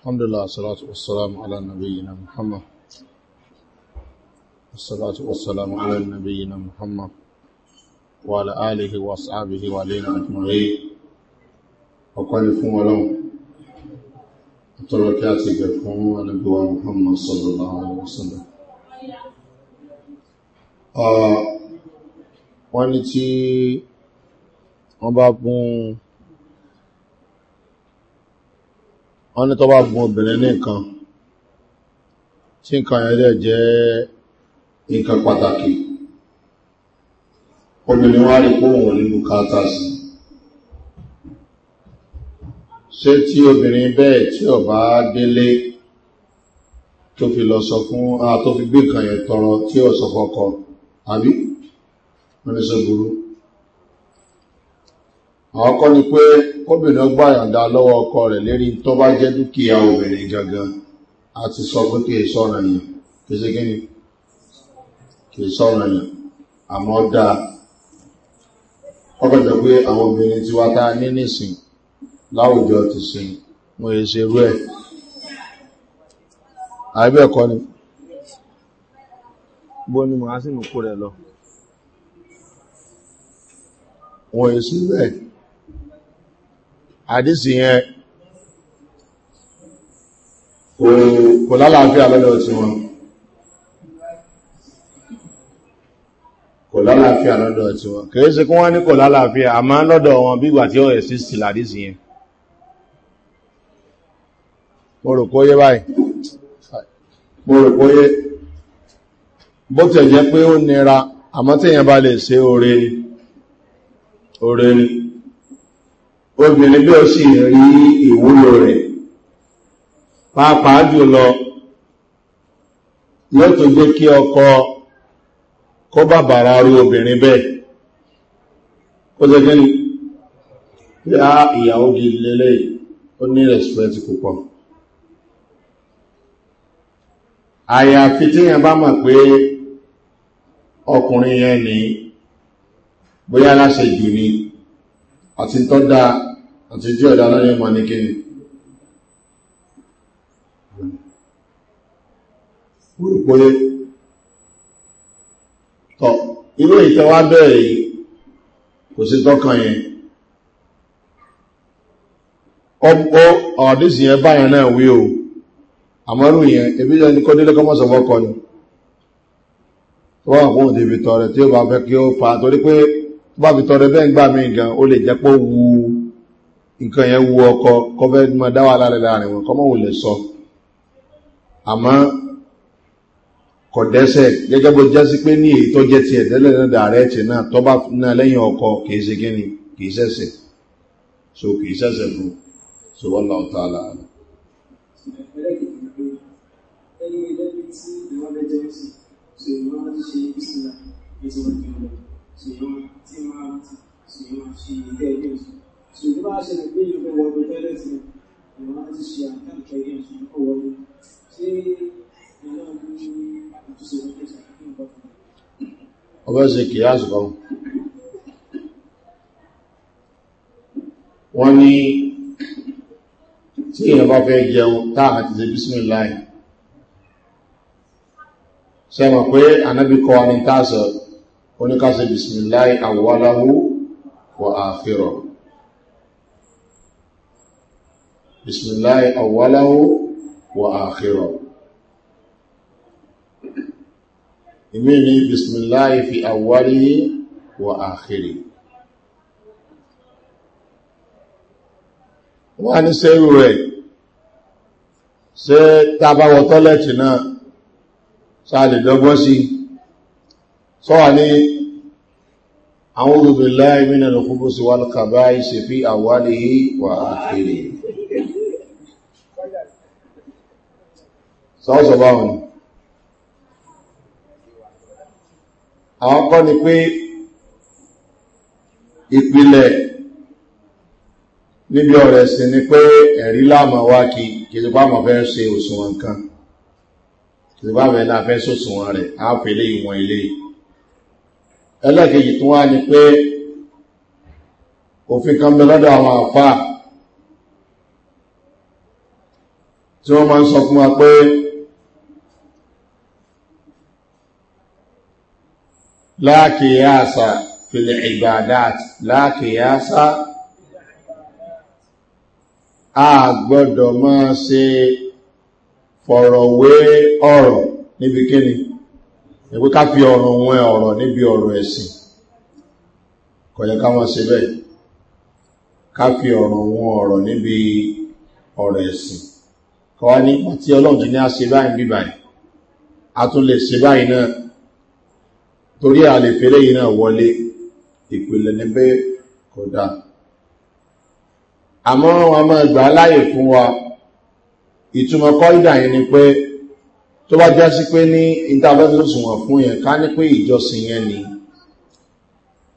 الحمد لله والصلاة والسلام على نبينا محمد والصلاة والسلام على نبينا محمد وعلى آله وأصحابه وعلينا أجمعين وقال لكم ولو تركاتك فهم نبوة محمد صلى الله عليه وسلم آه، wọ́n ní tí wọ́n ní tó bá gun obìnrin ní nǹkan tí nǹkan yẹn dẹ̀ jẹ́ nǹkan pàtàkì obìnrin wá rí kóhùn nínú kátàsì ṣé tí obìnrin bẹ́ẹ̀ tí ò bá délé tó fi lọ sọ fún a tó fi gbé nǹkan yẹn tọrọ tí ò sọ fọkọ àbí wọ́n ní sọ burú àwọn kọ́ ni pé kóbìnrin gbà yọ̀ǹda lọ́wọ́ ọkọ rẹ̀ lérí tó bá jẹ́ dúkìá obìnrin gangan a ti sọ pé kí sọ̀rọ̀ yẹn kí ṣe kí ni kí sọ̀rọ̀ yẹn àmọ́ dáa ọkọ̀ jẹ́ pé àwọn obìnrin ti wá tá ní nìsìn láwùjọ ti sin wọ́n yẹ ṣe rú ẹ̀ àìbẹ̀ ẹ̀kọ́ ni bó ni màá sì mú kó rẹ̀ lọ wọ́n yẹ sí rú ẹ̀ àdísì yẹn kò lálàáfíà lọ́dọ̀ tí wọn kìí sí kí wọ́n ní kò lálàáfíà a máa lọ́dọ̀ wọn bí ìgbà tí ó rẹ̀ sí sí làdísì yẹn mo rò kó yé báyìí mo rò kó yé bó tẹ̀ jẹ́ pé ó nira àmọ́ tí èèyàn bá lè ṣe oore oore obìnrin bí ó sì rí ìwúlò rẹ̀ pàápàá jùlọ yóò tó jẹ́ kí ọkọ kó bàbàrà rú obìnrin bẹ́ẹ̀ ó jẹ́ gẹ́ni pé á ìyàwó gidi lélẹ̀ ó ní respect púpọ̀ àyàfi tí bá mọ̀ pé ọkùnrin yẹn ni bóyá láṣẹ jù ni àti tọ́ dáa àti tí ọ̀dá náà ní ọmọ ní kí ni wípòye tọ́ ilé ìtẹwà bẹ̀rẹ̀ yìí kò sí tọ́kàn yẹn ọpọ̀ ọ̀dísì yẹn báyẹn náà wí o àmọ́rù yẹn ebí yẹn ní kọ́dílé kọ́mọ́sọ̀fọ́kọ́ ni wọ́n àkóhùn ti fi tọrẹ tí ó bá fẹ́ kí ó fa torí pé bá fi tọrẹ bẹ́ẹ̀ gbà mí gan ó lè jẹ́ wúú nǹkan yẹn wu ọkọ kọfẹ́ mọ́ dáwà lálẹ́ láàrin wọn kọ́mọ́ wò lè sọ àmọ́ kọ̀ dẹ́sẹ̀ gẹ́gẹ́ bó jẹ́ sí pé ní èyí tó jẹ́ ti ẹ̀dẹ́lẹ̀ náà dàrẹ́ ti náà tọ́ bá náà lẹ́yìn ọkọ kìí ṣe gíní kìí ṣẹ̀ṣẹ̀ so kìí ṣẹ̀ṣẹ̀ fún so wọ́n lọ tọ́ àlà. Thank you ṣùgbọ́n bá ṣẹlẹ̀ pé èèyàn fẹ́ wọlé tẹ́lẹ̀tì ìwọ̀n láti ṣe àkáǹkẹ́ èèyàn fún ọkọ̀ wọlé ṣé ìyànà ní àtúnṣe wọlé ṣàkóso nǹkan kan. ọbẹ̀ ṣe kìí àṣùkọ́ wọ́n ní tí èèyàn bá fẹ́ jẹun táà àti ṣe bísmì láì sẹ́mọ̀ pé anábíkọ́ ní táàsọ̀ oníkàṣẹ́ bísmì láì àwọ̀láwó wà áfẹ́rọ̀ bisimilayi awalawo wa àkírọ̀ ìmí ni bisimilayi fi awali wa àkírì wọ́n ní sẹ́rù rẹ̀ sẹ́ tàbáwọ̀ tọ́lẹ̀tì náà sáàlì lọ́gbọ́n sí sọ́wà ní àwọn olùbìnlá ìmìnà lọ́kúgbósí wà lọ́kàbá ìsẹ̀fí àwálìí wà áfèrè sọ́ọ̀sọ̀ bá wọn ni àwọn kọ́ ni pé ìpìlẹ̀ níbi ọ̀rẹ̀ sí ni pé ẹ̀rí láàmà wá kí kìtùpá mọ̀ fẹ́ ṣe òṣùwọ̀n kan kìtùpá mẹ́ náà fẹ́ sòṣùwọ̀n rẹ̀ á fèlé ìwọ̀n ilé ẹlẹ́kẹ̀ẹ́jì tó wá ni pé òfin kan bẹ lọ́dọ̀ àwọn àfáà tí wọ́n máa ń sọ fún wa pé láàkìyàsá fìlẹ̀ ìgbàdát láàkìyàsá a gbọ́dọ̀ máa ṣe fọ̀rọ̀wé ọ̀rọ̀ níbi kíni ìwé ká fi ọ̀rọ̀ wọn ọ̀rọ̀ níbi ọ̀rọ̀ ẹ̀sìn kọ̀yẹ̀ ká wọ́n ṣe bẹ́ẹ̀ ká fi ọ̀rọ̀ wọn ọ̀rọ̀ níbi ọ̀rọ̀ ẹ̀sìn kọwa ní pàtí ọlọ́run ti ní a ṣe báyìí bíbáyìí a tún lè ṣe báyìí náà torí a lè fẹ́lẹ̀ yìí náà wọlé ìpìlẹ̀ ní pé kò dá àmọ́ wọn máa gbà láyè fún wa ìtumọ̀ kọ́ìdà yìí ni pé tó bá já sí pé ní ìtafẹ́sọ̀sùn wọn fún yẹn ká ní pé ìjọsìn yẹn ni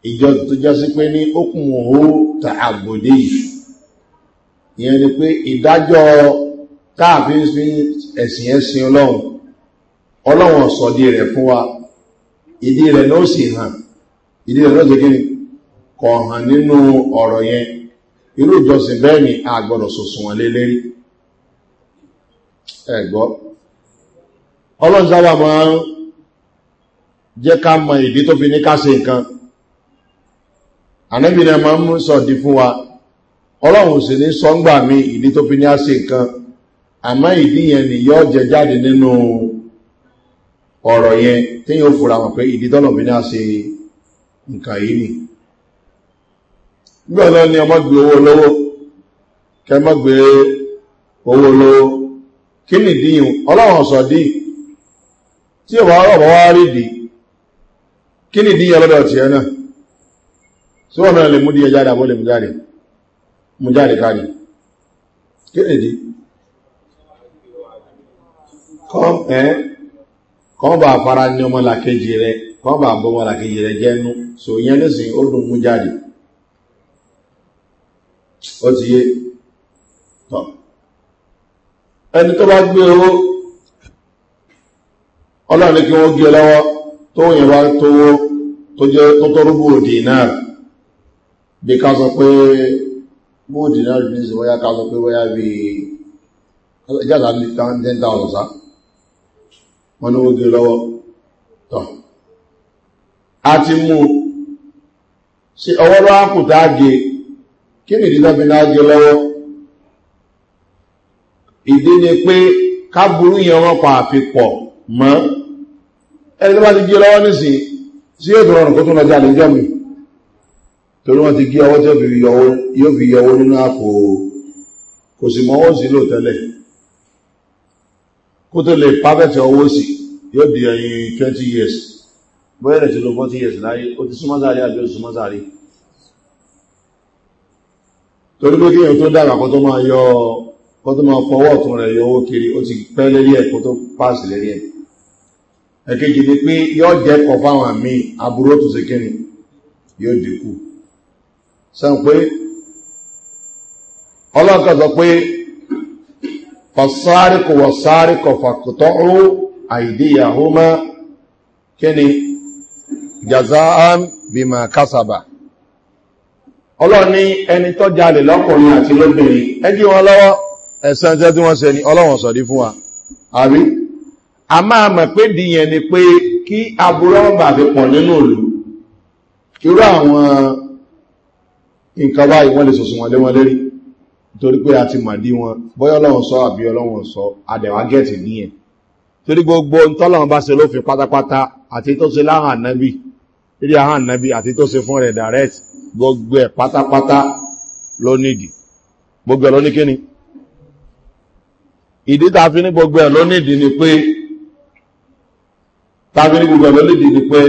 ìjọsìn tó já sí pé ní ókùn òhó ta àgbòdé yìí ìyẹn ni pé ìdájọ́ táàfin ẹ̀sìn ẹ̀sìn ọlọ́run ọlọ́run ọ̀sọ̀dí rẹ̀ fún wa ìdí rẹ̀ ló sì hàn ìdí rẹ̀ ló sì kí ni kọ̀ hàn nínú ọ̀rọ̀ yẹn irú ìjọsìn bẹ́ẹ̀ ni àgbọ̀dọ̀ sòsùn wọn lélẹ́rí ẹ̀gbọ́ ọlọ́run sábà máa ń jẹ́ ká mọ ìdí tó fi ní ká nǹkan ànẹ́bìnrin máa ń sọ di fún wa ọlọ́run sì ní sọ́ngbà mi ìdí tó fi ní á se nǹkan àmọ́ ìdí yẹn ni yọ́ jẹ jáde nínú no ọ̀rọ̀ yẹn tí yóò fura wọn pé ìdí tọ́lọ̀ bí náà ṣe nǹkan yìí nì gbọ́nà ni ọmọ gbé owó olówó kẹ mọ́ gbé owó olówó kí ni díyìn ọlọ́run sọ díì tí ò bá ọ̀rọ̀ wá rí dì kí ni díyìn ọlọ́dọ̀ tí ẹ náà tí wọ́n náà lè mú díyẹ jáde àbọ́ mú jáde mú jáde kárí kí ni dí kọ́ bá fara ní ọmọlàkejì rẹ kọ́ bá bọ́ ọmọlàkejì rẹ jẹ́nu so yẹn lẹ́sìn ó dùn mú jáde ó ti yé tọ́ ẹni tó bá gbé owó ọlọ́run kí wọ́n gé lọ́wọ́ tó yẹn bá tówó tó jẹ́ tó tọ́rúbù òdì náà bí ká sọ pé bóòdì náà ní ìsìnwọ́yá ká sọ pé wọ́yá bí ìjáde àti ten thousand wọ́n ní wọ́n gẹ lọ́wọ́ tọ̀ a ti mú sí ọwọ́ lọ́wọ́ àpùtà gẹ kí nìdí náà fi náà gẹ lọ́wọ́ ìdí ni pé káburú yẹn wọ́n pa àfipọ̀ mọ́ ẹni tó bá ti gé lọ́wọ́ nísìn sí ètò ọ̀rùn kó tún lọ jáde mi torí wọ́n ti gé ọwọ́ tí yóò fi yọwọ́ nínú àpò kò sì mọ́wọ́ sí lò tẹ́lẹ̀ kó tó lè pàfẹ́fẹ́ owó sí yóò di ẹ̀yìn 20 years bọ́ẹ̀rẹ̀ tí ló 40 years láyé ó ti súnmọ́ sáré àbí ó súnmọ́ sáré torí pé kíyàn tó dára kó tó máa yọ kó tó máa fọwọ́ ọ̀tún rẹ̀ yọ owó kiri ó ti pẹ́ lérí ẹ̀ kó tó pàṣì lérí ẹ̀ ẹ̀kejì ni pé yóò jẹ́kọ̀ fáwọn àmì aburú tó ṣe kíni yóò dínkù sọ pé ọlọ́kọ̀ sọ pé فالصارق والصارق فاقطعوا أيديهما كني جزاء بما كسبا ọlọ́run ní ẹni tó jalè lọ́kùnrin àti lóbìnrin ẹjí wọn lọ́wọ́ ẹ̀sán jẹ́ tí wọ́n se ni ọlọ́wọ̀n sọ̀dí fún wa àrí a máa mọ̀ pé dìyẹn ni pé kí aburú ọba fi pọ̀ nínú òlú irú àwọn nǹkan báyìí wọ́n lè sọ̀sùn wọn lé wọn lérí torí pé a ti màdí wọn bọ́yọ́ lọ́wọ́ sọ àbí ọlọ́wọ́ sọ àdẹ̀wà gẹ̀ẹ́tì níyẹn torí gbogbo ntọ́lọ́wọ́n bá se lófin pátápátá àti tó se láhàn ànábì eré àhàn ànábì àti tó se fún rẹ̀ direct gbogbo ẹ̀ pátápátá ló nídìí gbogbo ẹ̀ ló ní kíni ìdí tá a fi ní gbogbo ẹ̀ ló nídìí ni pé tá a fi ní gbogbo ẹ̀ ló nídìí ni pé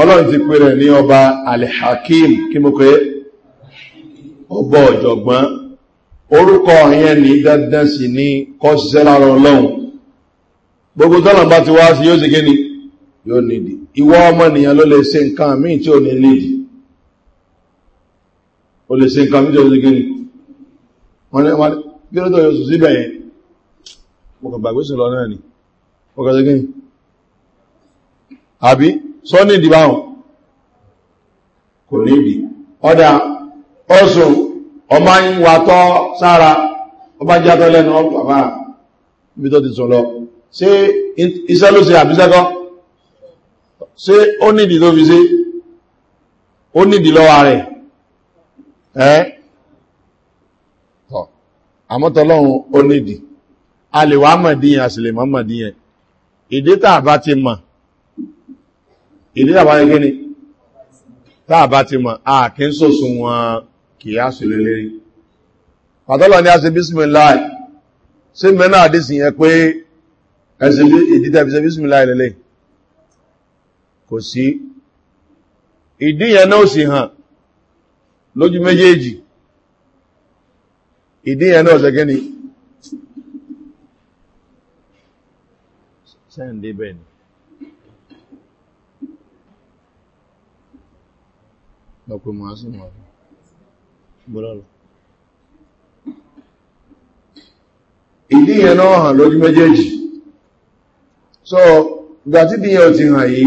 ọlọ́run ti pè rẹ̀ ní ọba alihakim kí mo pé ọba ọ̀jọ̀gbọ́n orúkọ yẹn ní dandan sí ní kọ́ṣiṣẹ́ lára ọlọ́run gbogbo tọ́nà bá ti wá sí yóò ṣe kíni yóò nídi ìwọ ọmọnìyàn ló lè ṣe nǹkan míì tí ò ní nídi ó lè ṣe nǹkan míì tí ò ní kíni wọ́n ní wọ́n kí ló tó yóò sùn síbẹ̀ yẹn mo kàn gbàgbé sùn lọ náà ni mo kàn ṣe kíni àbí sọ nídi báwọn kò nídi ọ̀dà ọ̀sùn ọmọ ń wà tọ́ sára ọmọ ń játọ́ lẹ́nu ọgbàmá ibi tó ti sùn lọ ṣé iṣẹ́ ló ṣe àbíṣẹ́kọ́ ṣé ó nìdí tó fi ṣe ó nìdí lọ́wọ́ rẹ̀ ẹ́ tọ́ àmọ́tọ́lọ́run ó nìdí a lè wá mọ̀díyàn a sì lè mọ́ mọ̀díyàn ìdí tàbá ti mọ̀ ìdí tàbá ti gíní ti mọ̀ a kí ń sòsùn wọn kì á sì lè lérí pàtọ́lọ̀ ni a ṣe bísmìláì sí mẹ́nà àdísì yẹn pé ẹ̀sẹ̀ ìdítẹ̀ fi ṣe bísmìláì lẹ́lẹ́ kò sí ìdí yẹn náà sì hàn lójú méjèèjì ìdí yẹn náà ṣe gẹ́ni sẹ́ǹdé bẹ́ẹ̀ni lọ́pẹ̀ mọ́ sí gbọ́lọ́rọ̀ ìdí yẹn náà hàn lójú méjèèjì so gbàtí bí yẹn ò ti hàn yìí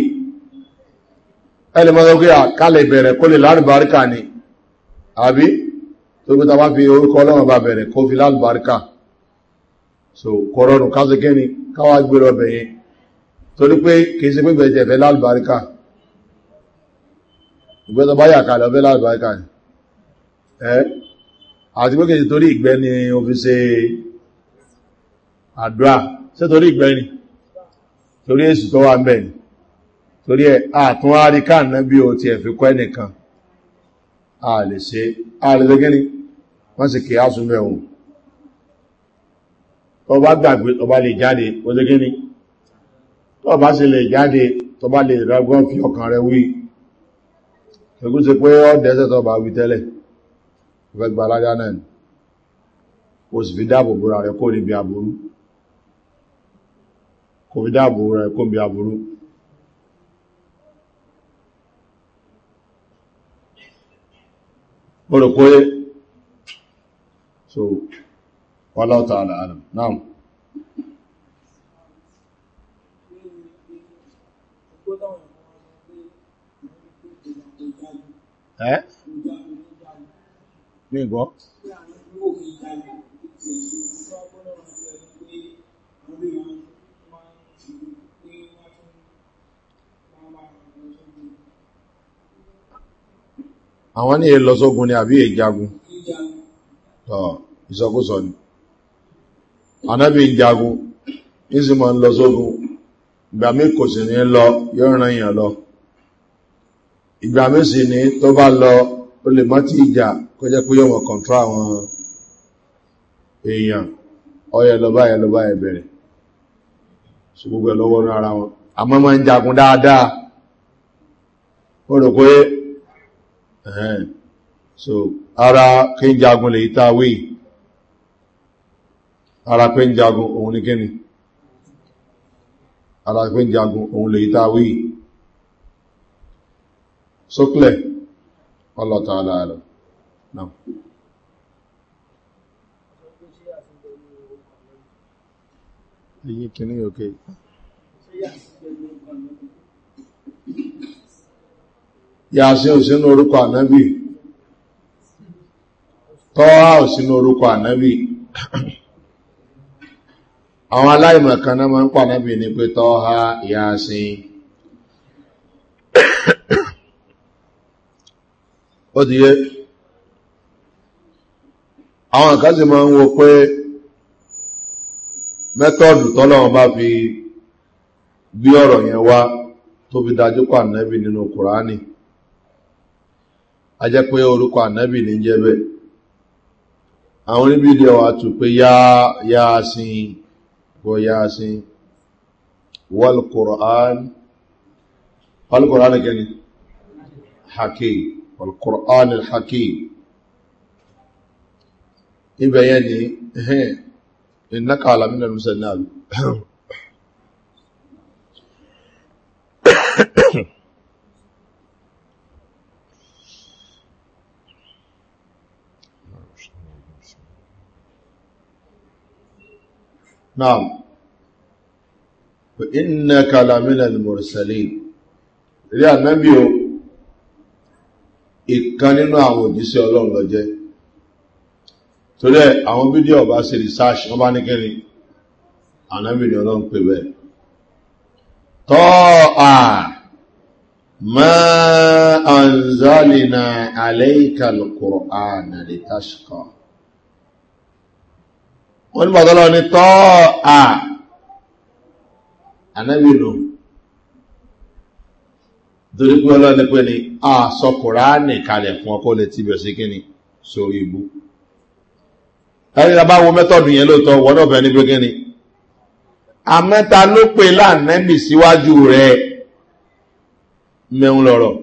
ẹlẹ́mọ́sọ́gbé àkálẹ̀ bẹ̀rẹ̀ kó lè lárùbáríkà ni àbí tó gbé tàbá fi orúkọ ọlọ́run bá bẹ̀rẹ̀ kó fi lárùbáríkà so kọ̀rọ̀rùn kásẹ̀kẹ́ni káwà gbèrò ọbẹ̀ yẹn torí pé kìí sí pé bẹ̀rẹ̀ jẹ̀fẹ́ lárùbáríkà ìgbẹ́tọ̀ bá yà kalẹ̀ ọbẹ̀ lárùbáríkà ni àti pé kèsì torí ìgbẹ́ ni o fi ṣe àdúrà ṣe torí ìgbẹ́ ni torí èsù tó wà mẹ́ torí ẹ̀ àtún àríkà náà bí o ti ẹ̀fì kọ́ ẹnìkan a lè ṣe a lè ṣe gíní wọ́n sì kìí ásùn mẹ́hùn tó bá gbàgbé tó bá lè jáde ó lé gíní tó bá sì lè jáde tó bá lè rọgbọ́n fi ọkàn rẹ wí ẹgbúnṣe pé ọ́ dẹ́sẹ̀ tó bá wí tẹ́lẹ̀ fẹ́ gba aládá náà ni o sì fi dáàbò búra rẹ̀ kó níbi àbúrú kò fi dáàbò rẹ̀ kó níbi àbúrú o rò kóyé so wọ́láwọ́ta àlàálà náà Eh? Gbéngbọ́. Àwọn ní èlọ sógun ni àbí èjagun. Tọ́ ìsọkúsọ ni. Ànábì ìjagun, ìsìnmọ̀ ń lọ sógun, ìgbà mí kò sì ní lọ, yóò rán èèyàn lọ. Ìgbà mí ní tó bá lọ ó lè má tí ìjà kó jẹ́ pé yọ́mọ̀ kọ̀ntrá àwọn èèyàn ọyẹ lọ́bá ẹ lọ́bá ẹ bẹ̀rẹ̀ sí gbogbo ẹ lọ́wọ́ náà ara wọn àmọ́ máa ń jagun dáadáa ó rò pé so ara kí ń jagun lè ta wí ara pé ń jagun òun ní kíni ara pé ń jagun òun lè ta wí sókèlè so, Allah ta'ala alam. Naam. Èyí kìíní òkè. Yà ṣe òṣínú orúkọ ànábì. Tọ́wá òṣínú orúkọ ànábì. Àwọn aláìmọ̀ kan náà máa ń pànábì ní pé tọ́wá ìyá sin. ó ti yé àwọn kan sì máa ń wo pé mẹ́tọ́ọ̀dù tọ́lọ́wọ́n bá fi gbé ọ̀rọ̀ yẹn wá tó fi dájú kọ ànábì nínú kùránì a jẹ́ pé orúkọ ànábì ní jẹ́ bẹ́ẹ̀ àwọn oníbí ilẹ̀ wa tù pé yá yá والقرآن الحكيم إبا يعني إنك على من المسنال نعم فإنك لمن المرسلين يا نبيو ìkan nínú àwọn òjíṣẹ́ ọlọ́run lọ jẹ́ torí ẹ̀ àwọn fídíò ọba ṣe research wọ́n bá ní kẹ́ni ànábìnrin ọlọ́run pè bẹ́ẹ̀ tọ́ à máa àǹzálìnà àlẹ́ìkàlùkùrọ̀ ànàlẹ́ tàṣkà ní bàtọ́lọ́ ní tọ́ à ànábìnrin torí pé ọlọ́ni pé ni àṣọ kùránì kalẹ̀ fún ọkọ̀ lè ti bẹ̀rẹ̀ sí kí ni sórí ibú ẹni tá bá wo mẹ́tọ̀dù yẹn lóòótọ́ wọ́n náà fẹ́ ní pé kí ni àmẹ́ta ló pe láàánẹ́bì síwájú rẹ̀ mẹ́un lọ́rọ̀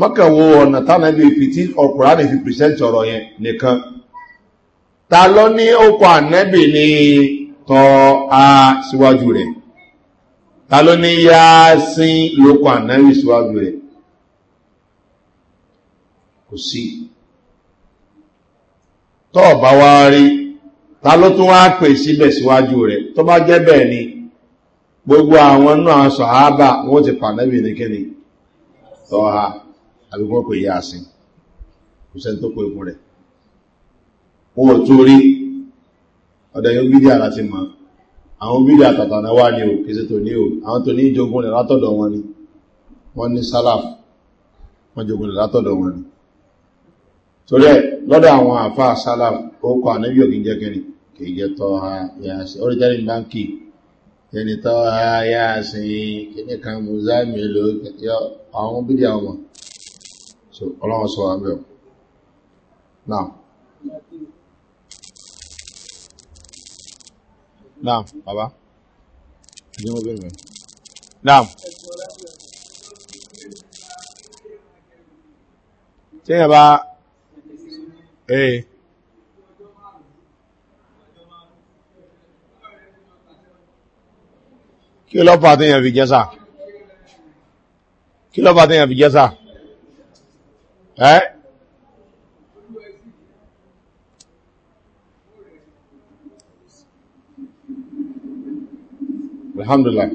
mọ́kànwó ọ̀nà tánàbí fi tí ọkùránì fi pìrìsẹ́ǹtì ọ̀rọ̀ yẹn nìkan ta lọ ní ó kọ ànẹ́bì ní tọ́ a síwájú rẹ̀ ta ló ní yáásín lókọ ànábì síwájú rẹ̀ kò sí tọ́ ọ̀bá wá rí ta ló tún wá pè síbẹ̀ síwájú rẹ̀ tó bá jẹ́ bẹ́ẹ̀ ni gbogbo àwọn náà sọ̀hábà wọ́n ti pàdébì ní kíni tọ́ha àbíkọ́ pè yáásín kò sẹ́ni tó pè fún rẹ̀ wọ́n tó rí ọ̀dọ̀ yóò gbídí àlàtí àwọn bídí àtàtàna wà ní o kìí tó ní o àwọn tó ní ìjogun rẹ̀ látọ̀dọ̀ wọn ni wọ́n ní sálàf wọ́n jogun rẹ̀ látọ̀dọ̀ wọn ni torí ẹ̀ lọ́dọ̀ àwọn àfá sálàf ó kọ ànábí òkè jẹ́ kẹrin kìí jẹ́ tọ́ ayáṣẹ́ orí tẹ́lẹ̀ ní báńkì ẹni tọ́ ayáṣẹ́ kíní kan muzami ló àwọn bídí àwọn ọlọ́wọ́ sọ wà bẹ́ẹ̀ náà Naam, bàbá. Ìdí mo bẹ̀rẹ̀. Naam. Téèyàn bá ee kí ló fà téèyàn fi jẹ́ sà? Kí ló fà téèyàn fi jẹ́ sà? Ẹ́ alhamdulillah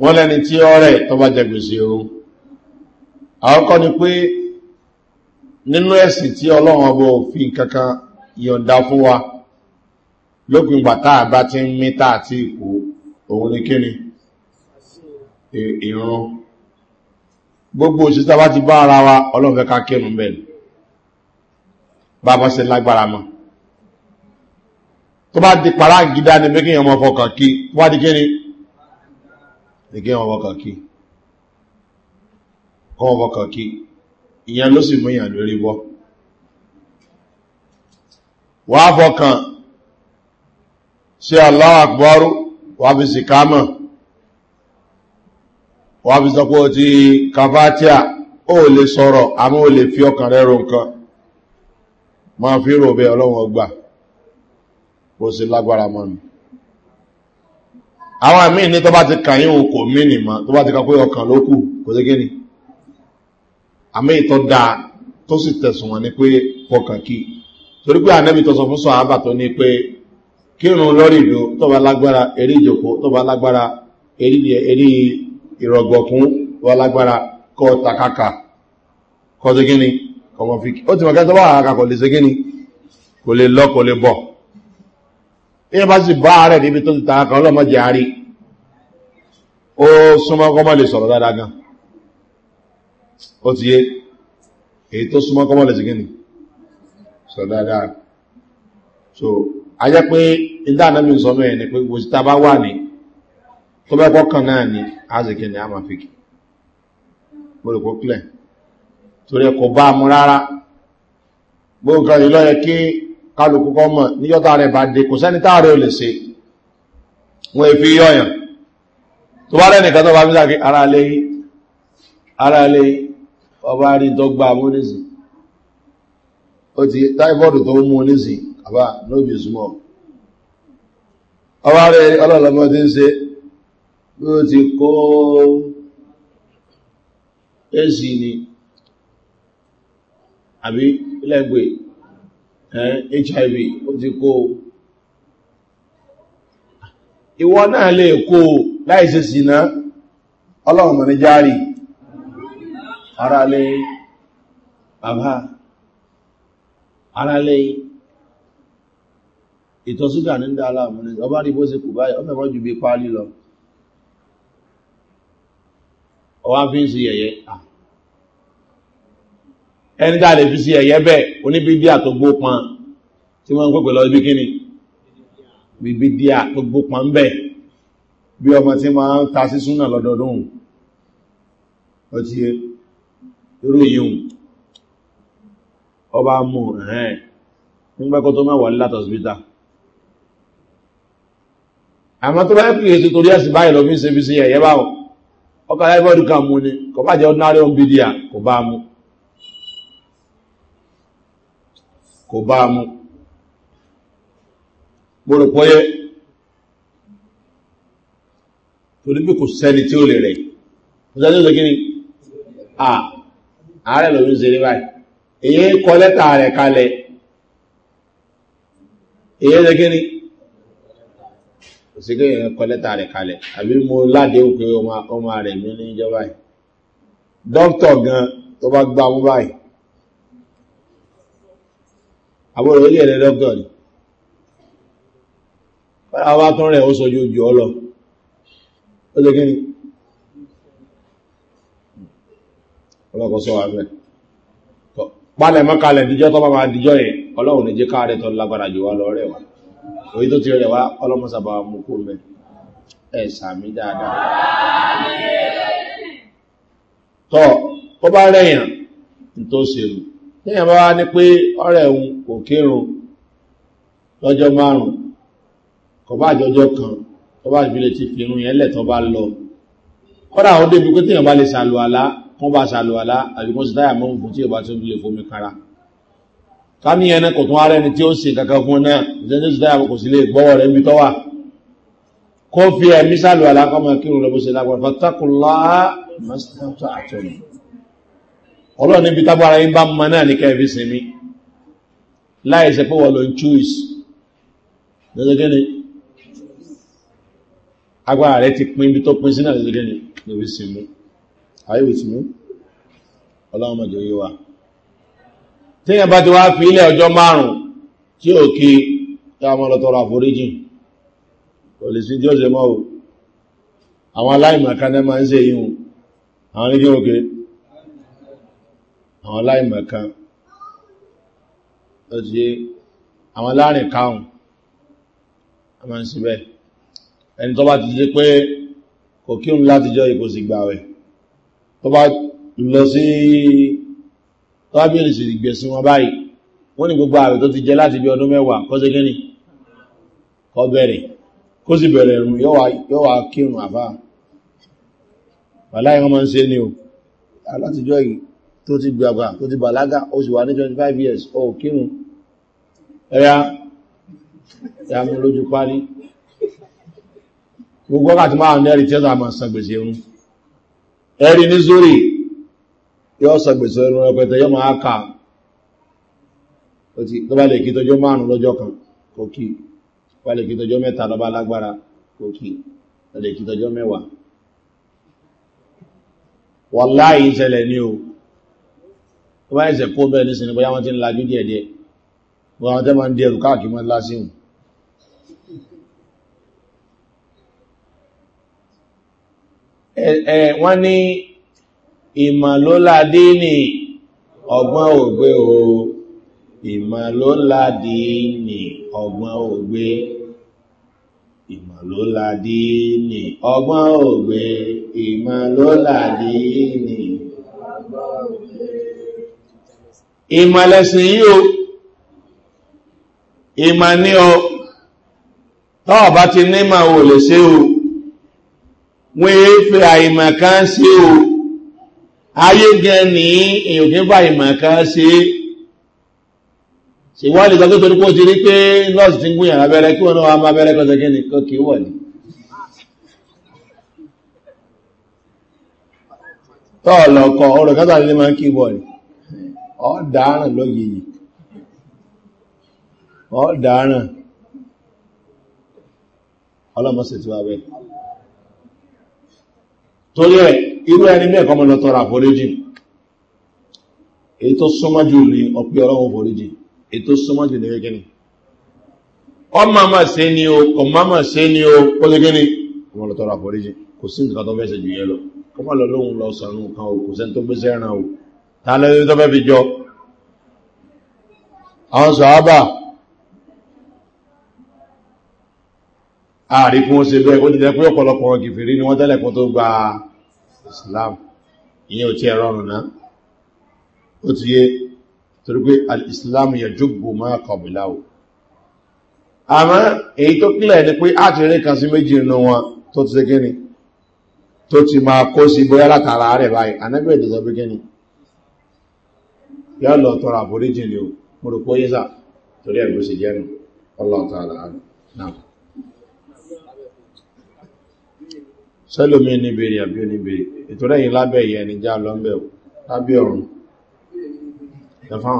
wọ́n lẹ́ni tí ọ́rẹ̀ tó bá jẹ gbèsè oòrùn àọ́kọ́ ni pé nínú ẹ̀sì tí ọlọ́run ọbọ̀ òfin kankan yọ̀nda fún wa lópin gbàtà àbá ti ń mítà àti ìkó òun ni kíni e, ìrún gbogbo òṣìṣẹ́ bá ti bá ara wa ọlọ́fẹ́ ká kírun bẹ́ẹ̀ bàbá sí lágbára mọ́ tó bá di pàrá gídá ni pé kí èèyàn mọ́ fọkàn kí wá di kíni ní kí wọ́n wọ́kà kí kọ́wọ́ wọ́kà kí ìyẹn ló sì mú ìyàn lórí bọ́ wà fọ́kàn sí aláàkbọ́rú wà fi sì kámọ̀ wà fi sọpọ̀ ti kàfátíà ó lè sọ̀rọ̀ àmú ó lè fi ọkàn rẹ̀ nǹkan ma fi rò bẹ́ ọlọ́wọ́ gbà kò sí lágbára mọ́ni àwọn àmì ní tó bá ti kàn yíò kò mí nìmọ̀ tó bá ti kàn pé ọkàn ló kù kò sí gíní àmì ìtọ́ da tó sì tẹ̀sùn wọn ni pé fọkàn kí torí pé ànẹ́bí tó sọ fún sọ àbà tó ní pé kírun lórí ìdó tó bá lágbára eré ìjòkó tó bá lágbára eré ìrọ̀gbọ̀kún tó bá lágbára kọ́ takaka kọ́ sí gíní kọ́mọ fi kí ó ti mọ̀ kẹ́ tó bá àkàkọ̀ lè sí gíní kò lè lọ kò lè bọ̀ èyàn bá sì bá rẹ̀ níbi tó ti ta kan ọlọ́mọdé àárí ó súnmọ́ kọ́mọ́ lè sọ̀rọ̀ dáadáa gan ó ti yé èyí tó súnmọ́ kọ́mọ́ lè sìgínì sọ̀rọ̀ dáadáa so a jẹ́ pé ilé ànábì sọ mẹ́rin ni pé gbòsí ta bá wà ní tó bẹ́ kọ́kàn náà ni a sì kí ni a máa fi kì mo rò pé clear torí ẹ kò bá a rárá gbogbo nǹkan yìí lọ́yẹ kí kálukú kọ́ mọ̀ níyọ́ta rẹ̀ bá dé kò sẹ́ni táàrẹ̀ ò lè ṣe wọ́n èfi yọ́yàn tó bá rẹ̀ nìkan tó bá mísà kí ara lè yí ara lè yí ọba rí tó gba amúnisì ó ti táìbọ́ọ̀dù tó mú onísì àbá lóbi súnmọ́ ọba rẹ̀ ọlọ́lọ́mọ ti ń ṣe ó ti kó èsì ni àbí ilẹ̀ gbé hiv ó ti kó ìwọ náà lè kó láìsí síná ọlọ́run mọ̀ ní járì ara lè bàbá ara lè ìtọ̀síkà ní dá aláàmù ní ọba rí bó kù báyìí ọmọ ìwọ́n jù bí pálí lọ ọwá fi ń sí yẹ̀yẹ́ ẹni tá a lè fi sí ẹ̀yẹ́ bẹ́ẹ̀ oníbíbí àtògbó pọn tí wọ́n ń pèpè lọ bí kíni bíbí dí àtògbó pọn bẹ́ẹ̀ bí ọmọ tí máa ń ta sí súnà lọ́dọọdún ọtí irú yìí ọba mú ẹ̀hẹ́n nígbàkọ́ tó mẹ́wàá látọ̀síbítà àmọ́ tó bá ń pèsè torí ẹ̀sìn báyìí lọ fi ń se fi sí ẹ̀yẹ́ báwọn ọkọ̀ ẹ̀fọ́dù kan mú ni kò bá jẹ́ ordinary home media kò bá mú gbọ́rọ̀pọ̀yẹ́ torí bí kò sẹ́ni tí ó lè rẹ̀ ìjọdé ìjọ gíní ààrẹ lòun ṣe rí báyìí èyí kọ lẹ́ta rẹ̀ kalẹ̀ èyí ṣe gíní kò sí kí èyí kọ lẹ́ta rẹ̀ kalẹ̀ àbí mo láde òkè ọmọ rẹ̀ mi ní ìjọba yìí dókítọ̀ gan tó bá gbá mú báyìí àbúrò ilé rẹ̀ dọ́kítọ̀ ni àwọn atún rẹ̀ ó sọjú ojú ọlọ ó lè gíní ọlọ́kọ̀ọ́sọ́ àmẹ́ pálẹ̀ mọ́kàlẹ̀ díjọ́ tọ́ máa díjọ́ yẹn ọlọ́run ní jẹ́ káàrẹ tọ́ lágbára jù wá lọ rẹ̀ wá orí tó ti rẹ̀ wá ọlọ́mọsàbà mú kó mẹ́ bá rẹ̀yàn tó ṣerú ní ẹ̀bá wá ní pé ọ̀rẹ́ òun kò kírun lọ́jọ́ márùn-ún kò bá àjọjọ́ kan tó bá fi lè ti fi irun yẹn lẹ̀tọ́ bá lọ kọ́dà ó débi pé tíyàn bá lè sàlù àlá kán bá sàlù àlá àbíkún sí táyà mọ́mù fún tí ìbá tó lè fomi kara ká ní ẹni kò tún ara ẹni tí ó sì kankan fún náà ìṣẹ́jú sí táyà kò sí lè gbọ́wọ́ rẹ̀ níbi tọ́wà kó fi ẹ̀mí sàlù ọlọ́run níbi tábára yí bá mọ́ náà ní kẹfì sinmi láìsẹ̀ pé wọ́n lọ choice lẹ́sẹ̀kẹ́ni agbára rẹ̀ ti pín ibi tó pín sí náà lẹ́sẹ̀kẹ́ni lórí sinmi ayé wìtí mú ọlọ́run mọ̀jọ yí wa tí yẹn bá ti wá fi ilẹ̀ ọjọ́ márùn-ún tí ò kí táwọn ọlọ́tọrọ àforíjì kò lè sí díọ̀sẹ̀ mọ́ o àwọn aláìmọ̀ká náà máa ń se yíhun àwọn oníkẹ́ òkè àwọn láìmọ̀kan tó ti àwọn láàrin káhùn a máa ń síbẹ̀ ẹni tó bá ti jẹ́ pé kò kí òun láti jọ ìkò sì gbàwẹ̀ tó bá lọ sí tọ́bílì sì gbẹ̀ sí wọn báyìí wọ́n ni gbogbo àwẹ̀ tó ti jẹ láti bí ọdún mẹ́wàá kọ́ sí gẹ́ni máa ń se ní o alátijọ́ yìí tó ti gbàgbà tó ti bàlágà ó wà ní 25 years oh kírun ẹ̀yà ìyàmú lójú parí gbogbo ọkà tí máa ń lẹ́rìí tí ó máa san gbèsè irun ẹ̀rí ní zúrì yóò san gbèsè irun rẹpẹtẹ yóò máa kà tó bá lè kí tọjọ́ márùn lọ́jọ́ kan kò kí kí tọjọ́ mẹ́ta lọ́bá lágbára kò kí kí tọjọ́ mẹ́wàá ìṣẹ̀lẹ̀ o tó bá ẹ̀sẹ̀ kó bẹ́ẹ̀ nísìnyí bóyá wọ́n ti ń lajú díẹ̀díẹ̀ wọ́n àwọn tẹ́ máa ń di ẹrù káàkiri mọ́ lásìwò ẹ̀ wọ́n ní ìmọ̀lóládé ní ọgbọ́n ògbé o ìmọ̀lóládé ní ọgbọ́n ògbé ìmọ̀lóládé ní ọgbọ́n ògbé ìmọ̀lóládé ní ìmọ̀lẹ́sìn yí o ìmọ̀ ní ọ tọ́ọ̀ bá ti nímọ̀ o lè ṣe o wọ́n yé fẹ́ àìmọ̀ kan sí o ayé gan ní ìyòkínfà ìmọ̀ kan sí ṣìwọ́n lè sọ́kẹ́ torípò ti rí pé nọ́ọ̀sì ti ń gúnyàn abẹ́rẹ́ kí wọ́n náà wọ́n abẹ́rẹ́ kọ́sẹ̀kẹ́ nìkan kí wọ̀ ní tọ́ọ̀lọ̀kọ̀ ọ̀rọ̀ kátà nílé máa ń kí wọ̀ ní ọ̀dáràn lọ́yẹ̀yẹ̀ ọ̀dáràn ọlọ́mọsẹ̀ tí wà bẹ́ torí ẹ̀ irú ẹni mẹ́ẹ̀kọ́ mọ́ lọ́tọ́rọ àforíjì èyí tó súnmọ́jù ní ọ̀pí ọlọ́run àforíjì èyí tó súnmọ́jù ní gẹ́gẹ́ ni ọmọ máa o ọmọ máa ni o ó lé gẹ́ni ọmọ lọ́tọ́rọ àforíjì kò sí nǹkan tó fẹ́ ṣe jù yẹ lọ kọ́mọ́ lọ lóhun lọ sọ̀rọ̀ nǹkan o kò sẹ́ni tó gbéṣẹ́ ẹran tààlẹ́lẹ́ tó fẹ́ fi jọ àwọn sọ̀hábà àríkún ó se bẹ́ ó jẹ́ pé ọ̀pọ̀lọpọ̀ kìfèrí ni wọ́n tẹ́lẹ̀kún tó gba islam ìyẹn ò tí ẹ̀rọ ọ̀nà ó ti yé torí pé al-islam yẹ jùgbò máa kọ̀bìláwò àmá èyí tó kílẹ̀ ni pé á ti rí kan sí méjì nínú wọn tó ti gẹ́ni tó ti máa kó sí bóyá látara rẹ̀ báyìí anẹ́bẹ̀ẹ́dẹ̀ sọ gẹ́ni yọ́ lọ tọrọ àforíjì ni o mo rò pé yíṣà torí ẹ̀gbọ́n sì jẹ́nu ọlọ́ọ̀tà àlàánu náà sẹ́lómi níbèrè àbí oníbèrè ètò rẹ̀yìn lábẹ́ ìyẹn ni já lọ mẹ́ lábẹ́ ọ̀run ẹ pé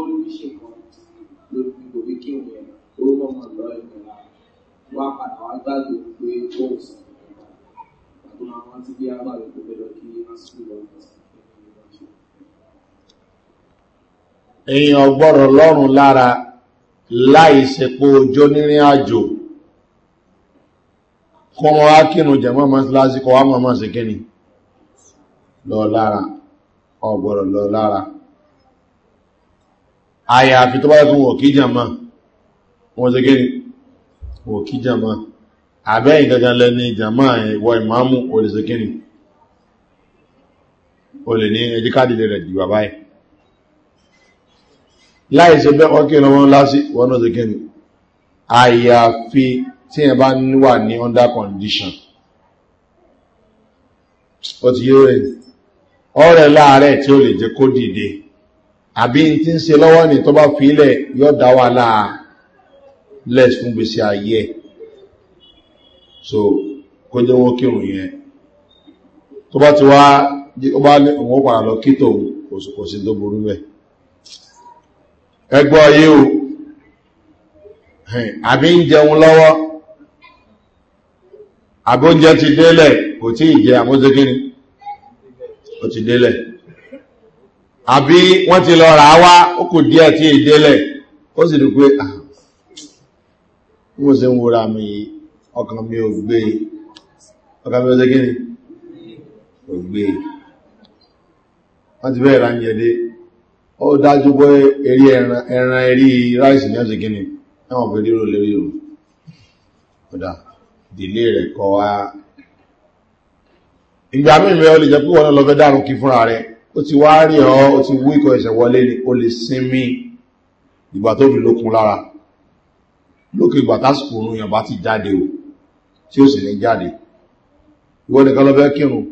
ó ń ṣe kan lórí gbogbo bí kí òun yẹn ó mọ̀ mọ̀ lọ ìgbàlá wá padà wá gbàgbé pé ó sàn àti máa wá sí bí agbára tó bẹ̀rẹ̀ kí lásìkò lọ èèyàn gbọ́rọ̀ lọ́rùn lára láì sepo ojú onírin àjò kọ́ mọ́ wá kínú jẹ̀mọ́ mọ́sílásí kọ́ wá mọ́ mọ́ sí kíni lọ lára ọgbọ̀rọ̀ lọ lára àyà àfi tó bá gún wọ̀kí jàmá wọ́n tẹ́ gẹ́rì wọ̀kí jàmá àbẹ́yìn gangan lẹ́ni jàmá ẹ̀wọ̀ ìmáàmù olùsẹ́kẹ́rì o lè ní ẹjíkádìlé rẹ̀ jù bàbá ẹ̀ láìsẹ̀ bẹ́ ọkẹ́ lọ́wọ́ lásì wọ́n náà tẹ́kẹ́rì àyàfi tí ẹ bá wà ní under condition ó ti yóò rẹ̀ ọ̀rẹ́ láàárẹ̀ tí ó lè jẹ́ kó dìde àbí tí ń se lọ́wọ́ ní tó bá fi ilẹ̀ yọ́ dá wà láà lẹ́s fún gbèsè ayé so kó jẹ́ wọ́n kírùn yẹn tó bá ti wá bá ní òun pàdà lọ kítò kò sí tó burú mẹ́ ẹgbọ́ ayé o àbí ń jẹun lọ́wọ́ ti délẹ̀ kò tí ìjẹ ti délẹ̀ àbí wọ́n ti lọ ràá wá ó kò díẹ̀ tí ìdélẹ̀ ó sì rí pé ah, mo se ń wúra mi ọkàn mi ò gbé ọkàn mi ò sẹ́kí ni ò gbé wọ́n ti bẹ́ ra ń ó dájú pé eré ẹran eré ráìsì ní ọ̀sẹ̀kí ẹwọ̀n fi ìrò lérí o ọ̀dà ìdílé rẹ̀ wa ìgbà mímẹ́ ọ lè jẹ́ pé ó ti wá rí ọ́ ó ti wú ikọ̀ ẹ̀ṣẹ̀ wọlé ni ó lè sinmi ìgbà tó fi lókun lára lókè ìgbà tásìkò òun yàn bá ti jáde o tí ó sì ní jáde ìwọ́n nìkan lọ fẹ́ kírun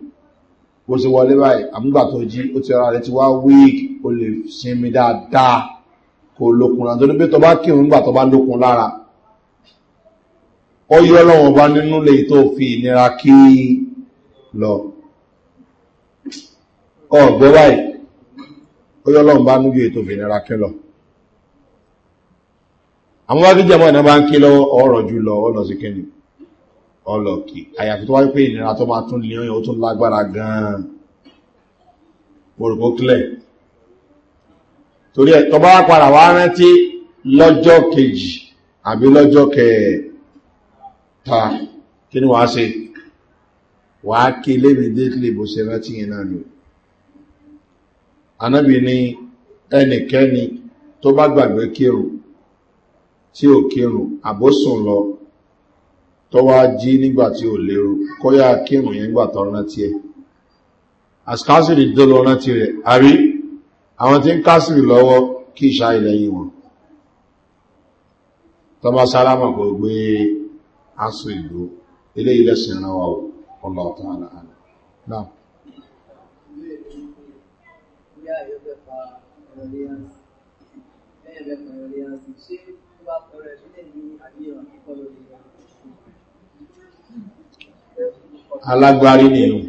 bó ṣe wọlé báyìí àmúgbà tó jí ó ti ara rẹ̀ ti wá wíìk ó lè sinmi dáadáa kò lókun lára torí pé tó kírun nígbà tó lókun lára ó yọ ọlọ́wọ́n bá nínú lè tó fi ìnira kí lọ ọ̀gbọ́ báyìí oyọ́ lọ́n bá nújú ètò fìnira kí lọ àwọn wákíjẹmọ́ ìná bá ń kí lọ́wọ́ ọ̀rọ̀ jù lọ ọlọ sí kẹ́lì ọlọ́kì àyàfi tó wáyé pé ìnira tó bá tún lè ọyàn ó tún lágbára gan-an orùkó clẹ̀ torí ẹ̀ tọ́ bá padà wá rántí lọ́jọ́ kejì àbí lọ́jọ́ kẹta kí ni wàá ṣe wàá kí lébìdé lè bó ṣe rántí yẹn náà lò anábì ní ẹnikẹ́ni tó bá gbàgbé kírù tí ò kírù àbósùn lọ tó wá jí nígbà tí ò lérò kọ́yá kírù yẹn gbà tọ́ rántí ẹ̀ àṣkásìrì dọ́lọ rántí rẹ̀ àrí àwọn tí ń kásìrì lọ́wọ́ kí ìṣá ilẹ̀yìn wọn tọ́bá sálámà kò gbé aṣọ ìlú ilé ilẹ̀sìn ránwà ọlọ́ọ̀tọ́ àlàáfíà náà bóyá èèyàn fẹ́ pa ọ̀rọ̀ léyà sí èèyàn fẹ́ pa ọ̀rọ̀ léyà sí ṣé tó bá tọrọ ẹ̀ sílẹ̀ ní àdéhùn kíkọ́ lórí rẹ̀. alágbárí nìyẹn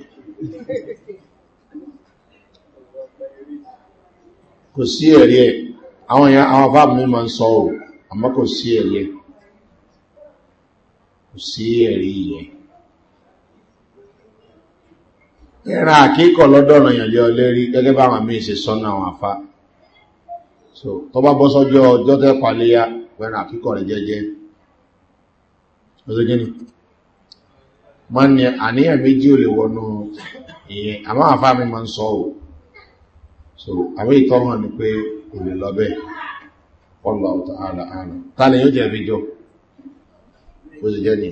kò sí ẹ̀rí ẹ̀ àwọn èèyàn àwọn afá mi máa ń sọ ọ̀ àmọ́ kò sí ẹ̀rí ẹ̀ kò sí ẹ̀rí yẹn ẹran àkíkọ̀ lọ́dọ̀nà ìyànlẹ́ ọlẹ́rí gẹ́gẹ́ bá àwọn míì ṣe sọ́nà àwọn afá, so tó bá bọ́ sọ́jọ́ ọjọ́ tẹ́ paléyá ẹran àkíkọ̀ rẹ̀ jẹ́jẹ́ ọdọ́gẹ́ni ma ní àníyàn méjì ò lè wọnú ìyẹn àmọ́ àfá mi ma ń sọ ò so àwọn ìtọ́ hàn ní pé kò lè lọ bẹ́ẹ̀ ọlọ àlà àlà ta ni yóò jẹ́ ìbíjọ́ ó sì jẹ́ ni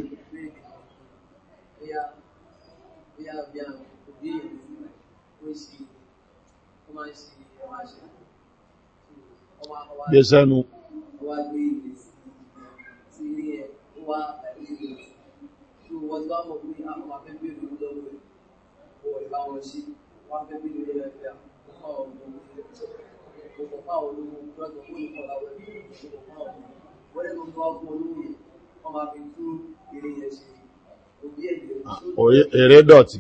Yeah, yeah, yeah. Yẹ́sẹ́nu. Èrè ah, dọ̀tí.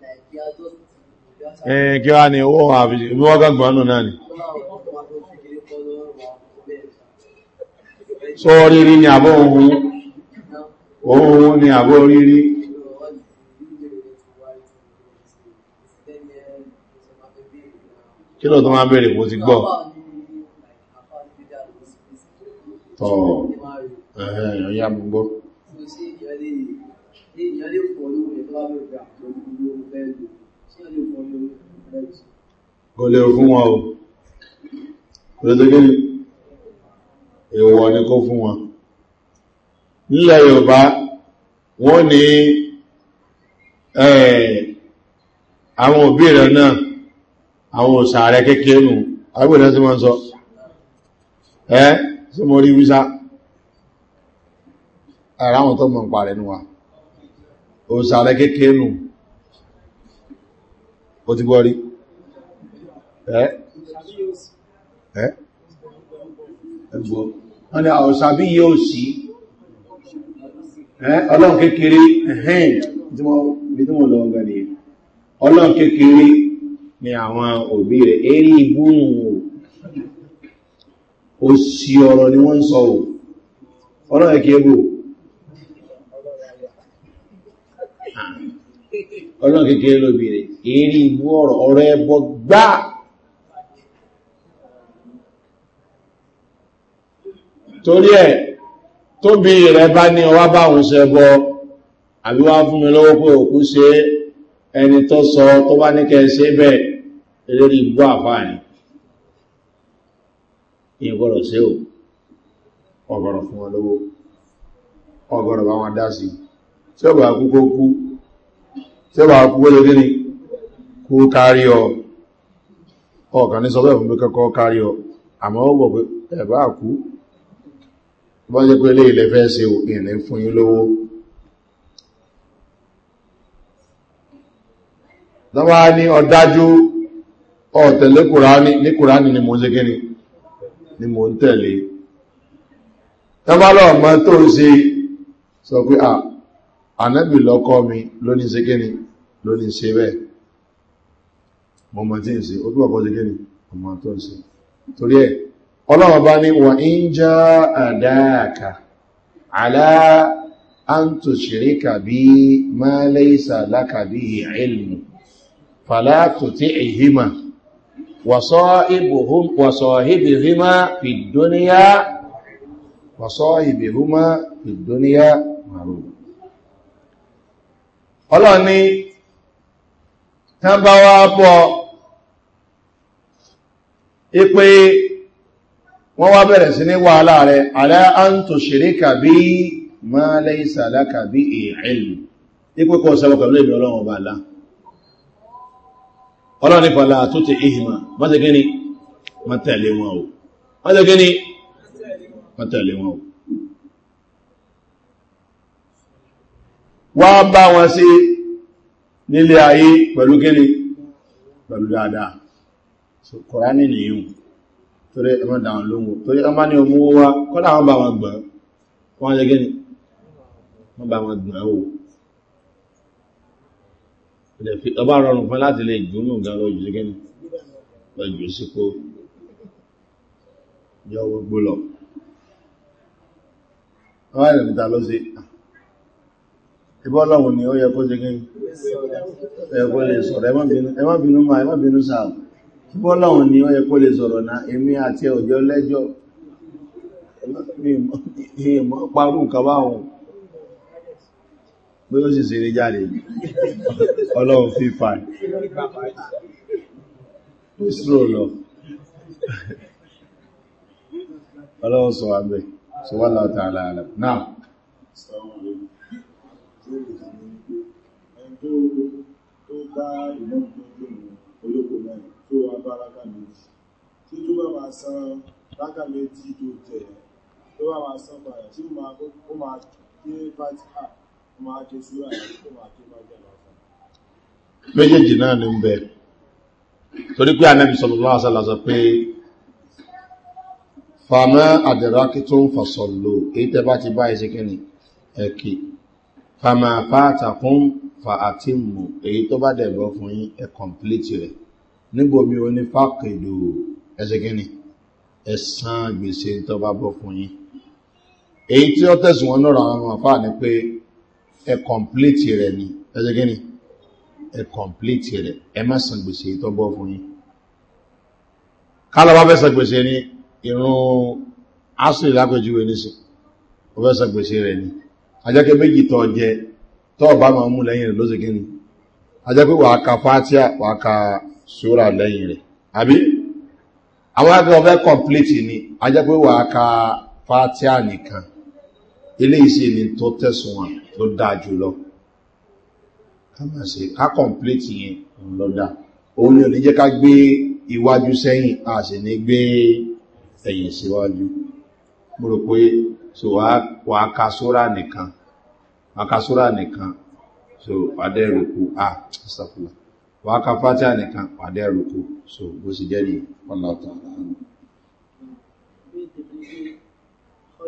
Nàìjíríà dọ̀tí ẹ̀yìn kí wá ní owó àbíwọ́gbọ̀nù náà ni sọ rírí ni àbọ̀ ohun ohun ni àbọ̀ rírí kí lọ tó máa bèèrè kò ti gbọ́ tọ́ ẹ̀hẹ̀ ọ̀yá gbogbo Ìyàlé ìpọ̀ lóòrùn ẹ̀tọ́ wá lóòrùn kò lè fún o kò lè tẹ́gẹ́ ìwọ̀ kó fún wọn nílẹ̀ yorùbá wọ́n ní àwọn òbí rẹ̀ náà àwọn òsààrẹ kékeré nù agbẹ̀rẹ̀ sí wọ́n sọ ẹ́ sí mo rí wísá ara tó mọ̀ ń nù wa òsààrẹ kékeré ó ti gbọ́ rí ẹ́ ẹ́ ẹgbò wọ́n ni àwọ̀sà bí yóò sí ẹ́ ọlọ́run kékeré ẹ̀hẹ́n tí wọ́n lọ ọgbà ní ọlọ́run kékeré ni àwọn òbí rẹ̀ eré ìgbóhùn ò sí ọ̀rọ̀ ni wọ́n sọ ọ̀rọ̀ ọlọ́run kékeré ọlọ́run kékeré lóbìnrin èrí ìbú ọ̀rọ̀ ọ̀rọ̀ ẹbọ gbá torí ẹ̀ tóbi rẹ̀ bá ní ọwá bá òun sẹ́bọ àbíwá fún mi lọ́wọ́ pé òkú ṣe ẹni tó sọ tó bá ní kẹsẹ́ bẹ́ẹ̀ eléri ìbú àfáàní ọgọ̀rọ̀ fún wọn ọgọ̀rọ̀ bá wọn dá sí tí ó bá kú tí ó bá kú ó lè rí ní kú kárí ọ ọ̀kan ní sọ́bẹ̀ fún kẹ́kọ́ kárí ọ àmọ́ ó bọ̀ pé ẹ̀bá kú bọ́ jẹ́ pé ilé ilẹ̀ fẹ́ se ìrìn fún yí lówó dọ́wà ní ọ̀dájú ọ̀tẹ̀lé kùránì ní kùránì ni mo ń ni mo ń tẹ̀lé tọ́bálọ̀ ọmọ tó ń se sọ pé à ànẹ́bì lọ́kọ́ mi lónìí segin ló ní ṣe bẹ́ẹ̀ mọ́mọ́ tí ń ṣe ó túbọ̀ kọ́jú gẹ́ni ọmọ tó ń ṣe torí ẹ̀ ọlọ́wọ́ bá ní wà ń já àdáàkà alá àǹtò ṣìríkà bí máa lẹ́ìsà lákàbí ìlmù fàlátò tí ìhìmà wàsọ̀hìbìhìmá fìdóníyà wàsọ̀hìbìhìmá ọlọ́ni tán bá wá bọ́ ipé wọ́n wá bẹ̀rẹ̀ sí ní wàhálà rẹ̀ alẹ́ an tó ṣeré kàbí ma lẹ́ìsà lákàbí ìrìnlù ipé kọ́ sẹ́wọ́ pẹ̀lú ìbí ọlọ́run ọba alá ọlọ́run ìpàlà tó ti ìhìmà mọ́tẹ̀ gíní wọn o wọ́n bá wọn sí nílé ayé pẹ̀lú kíni pẹ̀lú dáadáa so kọ̀rání nìyàn torí ẹmọ́ dáwọn lóhun torí ọmọ ní ọmọ wá kọ́lá wọn bá wọn gbọ́n wọ́n jẹ́ kíni wọ́n bá wọn gbọ́n o ọba rọrùn fún láti lè gbónú gan lọ jùlọ kíni lọ jù yọ gbogbo lọ ìbọ́lọ́wùn ni ó yẹ kó jẹ́ gẹ́gẹ́ ẹ̀kọ́ lè sọ̀rọ̀ ẹmọ́bìnú máa ẹmọ́bìnú sáà ìbọ́lọ́wùn ni ó yẹ kó lè sọ̀rọ̀ náà èmi àti ọjọ́ lẹ́jọ́ parú kàbáhùn pé ó sì sèré jáde ọlọ́run fífà ó sírò lọ ọlọ́run sọ àgbẹ̀ sọ wà láwọ́ tààlà náà ìbéèrè kan ní pé ẹni tó tó bá ìmọ̀mù tó ń lòun olóko mẹ́rin tó wá bá rákà méjì tí tó bá máa san rákà méjì tó tẹ̀ tó bá máa san padà tí ó méjèèjì náà ni ń bẹ torí pé anábì sallallahu alaihi wasallam pé fàmọ́ àdẹ̀rákítún fàṣọ̀lò èyí tẹ́ bá ti bá ẹ̀ṣẹ́kẹ́ni ẹ̀kì fàmà fàtàkùn fa àti mù èyí tó bá dẹ̀bọ̀ fún yí ẹ kọ̀m̀plìtì rẹ̀ nígbòmí o ní fàkèdò ẹsẹ̀gẹ́ni ẹ̀sán gbèsè tó bá bọ́ fún yí èyí tí ó tẹ̀sùn wọn náà àwọn àfá ní pé ẹ kọ̀m̀plìtì rẹ̀ ni ẹsẹ̀gẹ́ni ẹ kọ̀m̀plìtì rẹ̀ ẹ má san gbèsè tó bọ́ fún yí kálọ̀ bá fẹ́ san gbèsè ni irun asìrì lápẹjúwe ní sí ó fẹ́ san gbèsè rẹ̀ ni ajẹ́kẹ́ méjì tọ́ jẹ tọ́ ọba máa mú lẹ́yìn rẹ̀ lóṣèké ni ajẹ́kẹ́ wàá ka fatia wàá ka sura lẹ́yìn rẹ̀ àbí àwọn akẹ́kọ̀ọ́ fẹ́ kọ̀m̀plìtì ni ajẹ́kẹ́ wàá ka fatia nìkan eléyìí ni tó tẹ̀sùn wọn tó dáa jùlọ ká máa ṣe ká kọ̀m̀plìtì yẹn lọ dáa òun ni ò ní jẹ́ ká gbé iwájú sẹ́yìn a sì ní gbé ẹ̀yìn síwájú mo rò pé so wa kasura ka sóra nìkan wà á nìkan so wà á dẹ́ rúkú à sàfùlà wà á ka fátà nìkan wà á dẹ́ so bó sì jẹ́ ní ọ̀nà ọ̀tọ̀ àdáhùn. kò